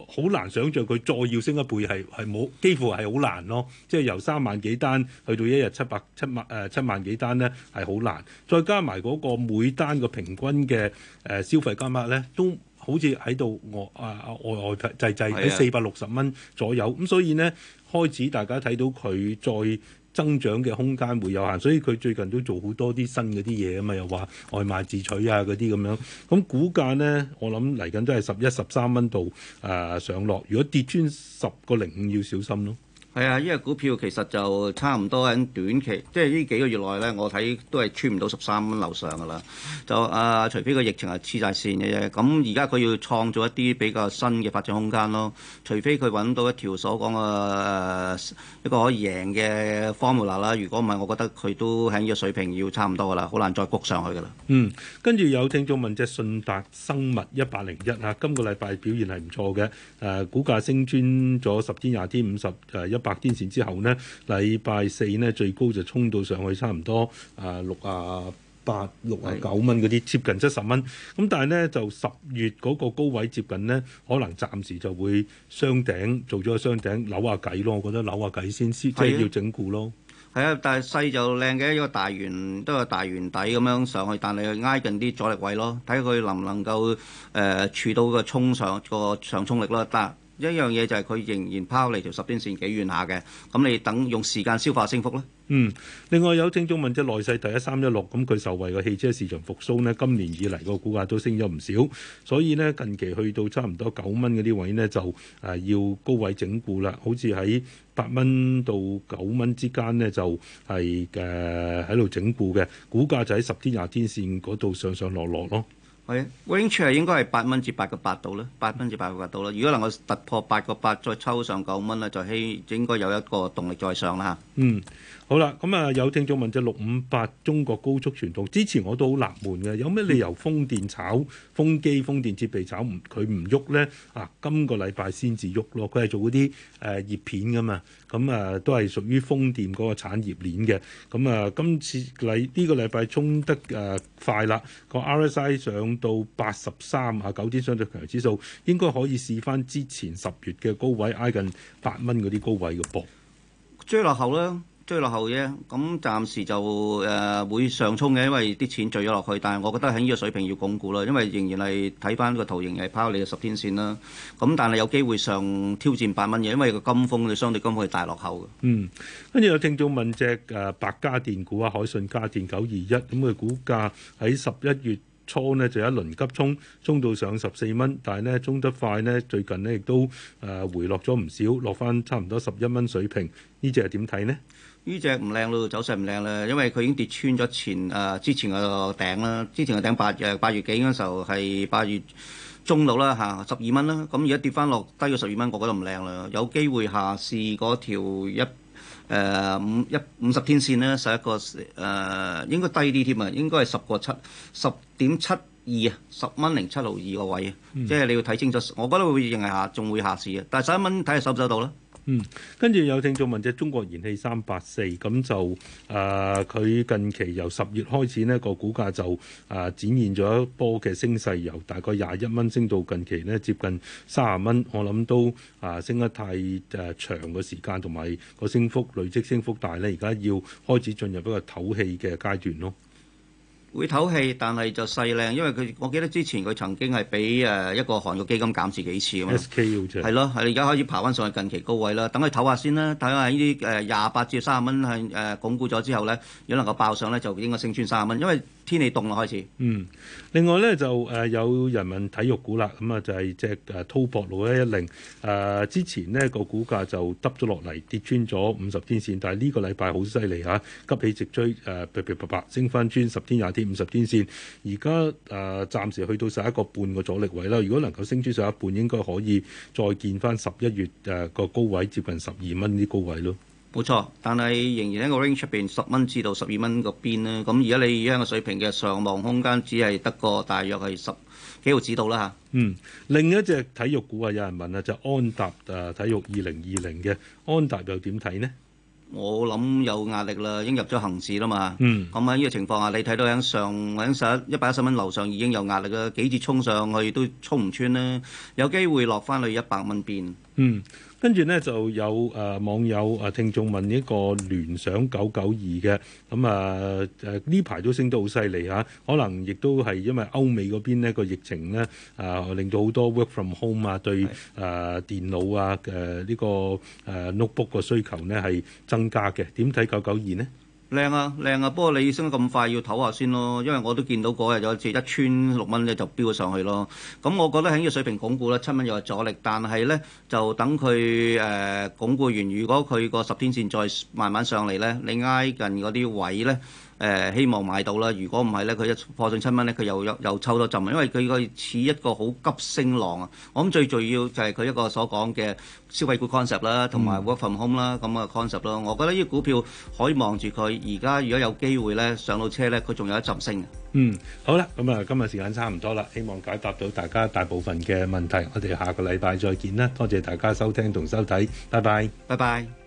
好難想像佢再要升一倍係係冇，幾乎係好難咯。即係由三萬幾單去到一日七百七萬誒七萬幾單咧係好難，再加埋嗰個每單個平均嘅誒消費金額咧都。好似喺度外啊外外制制喺四百六十蚊左右，咁所以咧開始大家睇到佢再增長嘅空間會有限，所以佢最近都做好多啲新嗰啲嘢啊嘛，又話外賣自取啊嗰啲咁樣，咁股價咧我諗嚟緊都係十一十三蚊度啊、呃、上落，如果跌穿十個零五要小心咯。係啊，因為股票其實就差唔多喺短期，即係呢幾個月內咧，我睇都係穿唔到十三蚊樓上㗎啦。就啊，除非個疫情係黐晒線嘅，啫，咁而家佢要創造一啲比較新嘅發展空間咯。除非佢揾到一條所講嘅、呃、一個可以贏嘅 formula 啦。如果唔係，我覺得佢都喺呢個水平要差唔多㗎啦，好難再谷上去㗎啦。嗯，跟住有聽眾問隻信達生物一八零一啊，今個禮拜表現係唔錯嘅，誒、啊、股價升穿咗十天、廿天、五十就一。白天前之後呢，禮拜四呢，最高就衝到上去差唔多啊六啊八六啊九蚊嗰啲，的接近七十蚊。咁但係呢，就十月嗰個高位接近呢，可能暫時就會雙頂，做咗個雙頂扭下計咯。我覺得扭下計先先即係要整固咯。係啊，但係細就靚嘅一個大圓都有大圓底咁樣上去，但係挨近啲阻力位咯。睇佢能唔能夠誒、呃、處到個衝上個上衝力咯，但一樣嘢就係佢仍然拋離條十天線幾遠下嘅，咁你等用時間消化升幅啦。嗯，另外有正中文隻內勢第一三一六，咁佢受惠嘅汽車市場復甦呢，今年以嚟個股價都升咗唔少，所以呢近期去到差唔多九蚊嗰啲位呢，就誒要高位整固啦，好似喺八蚊到九蚊之間呢，就係誒喺度整固嘅，股價就喺十天廿天線嗰度上上落落咯。喂，Windtr 應該係八蚊至八個八度啦，八蚊至八個八度啦。如果能夠突破八個八，再抽上九蚊啦，就希應該有一個動力再上啦嚇。嗯。好啦，咁、嗯、啊，有聽眾問就六五八中國高速傳動，之前我都好納悶嘅，有咩理由風電炒風機風電設備炒唔佢唔喐咧？啊，今個禮拜先至喐咯。佢係做嗰啲誒葉片噶嘛，咁、嗯、啊都係屬於風電嗰個產業鏈嘅。咁、嗯、啊，今次禮呢、這個禮拜衝得誒、呃、快啦，個 RSI 上到八十三啊九天，相對強弱指數應該可以試翻之前十月嘅高位，挨近八蚊嗰啲高位嘅噃。追落後啦。追落後啫，咁暫時就誒會上沖嘅，因為啲錢聚咗落去。但係我覺得喺呢個水平要鞏固啦，因為仍然係睇翻個圖形係拋離嘅十天線啦。咁但係有機會上挑戰八蚊嘅，因為個金峯對相對金峯係大落後嘅。嗯，跟住有聽眾問隻誒白家電股啊，海信家電九二一，咁佢股價喺十一月初呢就一輪急衝，衝到上十四蚊，但係呢衝得快呢，最近呢亦都誒回落咗唔少，落翻差唔多十一蚊水平。呢隻係點睇呢？呢隻唔靚咯，走勢唔靚啦，因為佢已經跌穿咗前誒、呃、之前嘅頂啦，之前嘅頂八誒、呃、八月幾嗰時候係八月中度啦嚇，十二蚊啦，咁而家跌翻落低咗十二蚊，我覺得唔靚啦，嗯那個、有機會下試嗰條一誒、呃、五一五十天線咧，十一個誒應該低啲添啊，應該係十個七十點七二啊，十蚊零七六二個位，嗯、即係你要睇清楚，我覺得會仍係下仲會下市啊。但係十一蚊睇下收唔收到啦。嗯，跟住有聽眾問隻中國燃氣三八四，咁就啊，佢近期由十月開始呢個股價就啊、呃、展現咗一波嘅升勢，由大概廿一蚊升到近期呢接近三十蚊。我諗都啊、呃、升得太誒長嘅時間同埋個升幅累積升幅大呢，而家要開始進入一個唞氣嘅階段咯。會唞氣，但係就細靚，因為佢，我記得之前佢曾經係俾誒一個韓國基金減持幾次啊嘛。係咯，係而家開始爬翻上去近期高位啦，等佢唞下先啦。睇下呢啲誒廿八至三十蚊係誒鞏固咗之後咧，如果能夠爆上咧，就應該升穿三十蚊，因為。天氣凍啦，開始。嗯，另外咧就誒、呃、有人民體育股啦，咁、嗯、啊就係隻誒滔搏六一一零誒、呃、之前呢、這個股價就耷咗落嚟跌穿咗五十天線，但係呢個禮拜好犀利嚇，急起直追誒啪啪啪，啪、呃呃、升翻穿十天廿天五十天線，而家誒暫時去到十一個半個阻力位啦。如果能夠升穿十一半，應該可以再見翻十一月誒個高位，接近十二蚊啲高位咯。冇錯，但係仍然喺個 range 出邊十蚊至到十二蚊個邊啦。咁而家你而家個水平嘅上望空間只係得個大約係十幾毫子度啦嚇。嗯，另一隻體育股啊，有人問、就是、啊，就安踏啊體育二零二零嘅安踏又點睇呢？我諗有壓力啦，已經入咗恒指啦嘛。嗯。咁喺呢個情況下，你睇到喺上十一一百一十蚊樓上已經有壓力啦，幾次衝上去都衝唔穿啦，有機會落翻去一百蚊邊。嗯。跟住咧，就有誒網友、誒聽眾問呢個聯想九九二嘅，咁啊誒呢排都升得好犀利嚇，可能亦都係因為歐美嗰邊呢個疫情咧啊、呃、令到好多 work from home 啊對啊、呃、電腦啊誒呢、呃這個誒、呃、notebook 個需求咧係增加嘅，點睇九九二呢？靚啊靚啊，不過你升得咁快，要唞下先咯。因為我都見到嗰日有借一千六蚊咧，就飆咗上去咯。咁我覺得喺呢個水平鞏固咧，七蚊又係阻力，但係咧就等佢誒鞏固完，如果佢個十天線再慢慢上嚟咧，你挨近嗰啲位咧。誒希望買到啦，如果唔係咧，佢一破上七蚊咧，佢又又抽多浸，因為佢個似一個好急升浪啊！我諗最重要就係佢一個所講嘅消費股 concept 啦，同埋 work from home 啦，咁啊 concept 咯。我覺得呢個股票可以望住佢而家，如果有機會咧上到車咧，佢仲有一陣升啊、嗯！嗯，好啦，咁啊今日時間差唔多啦，希望解答到大家大部分嘅問題。我哋下個禮拜再見啦，多謝大家收聽同收睇，拜拜，拜拜。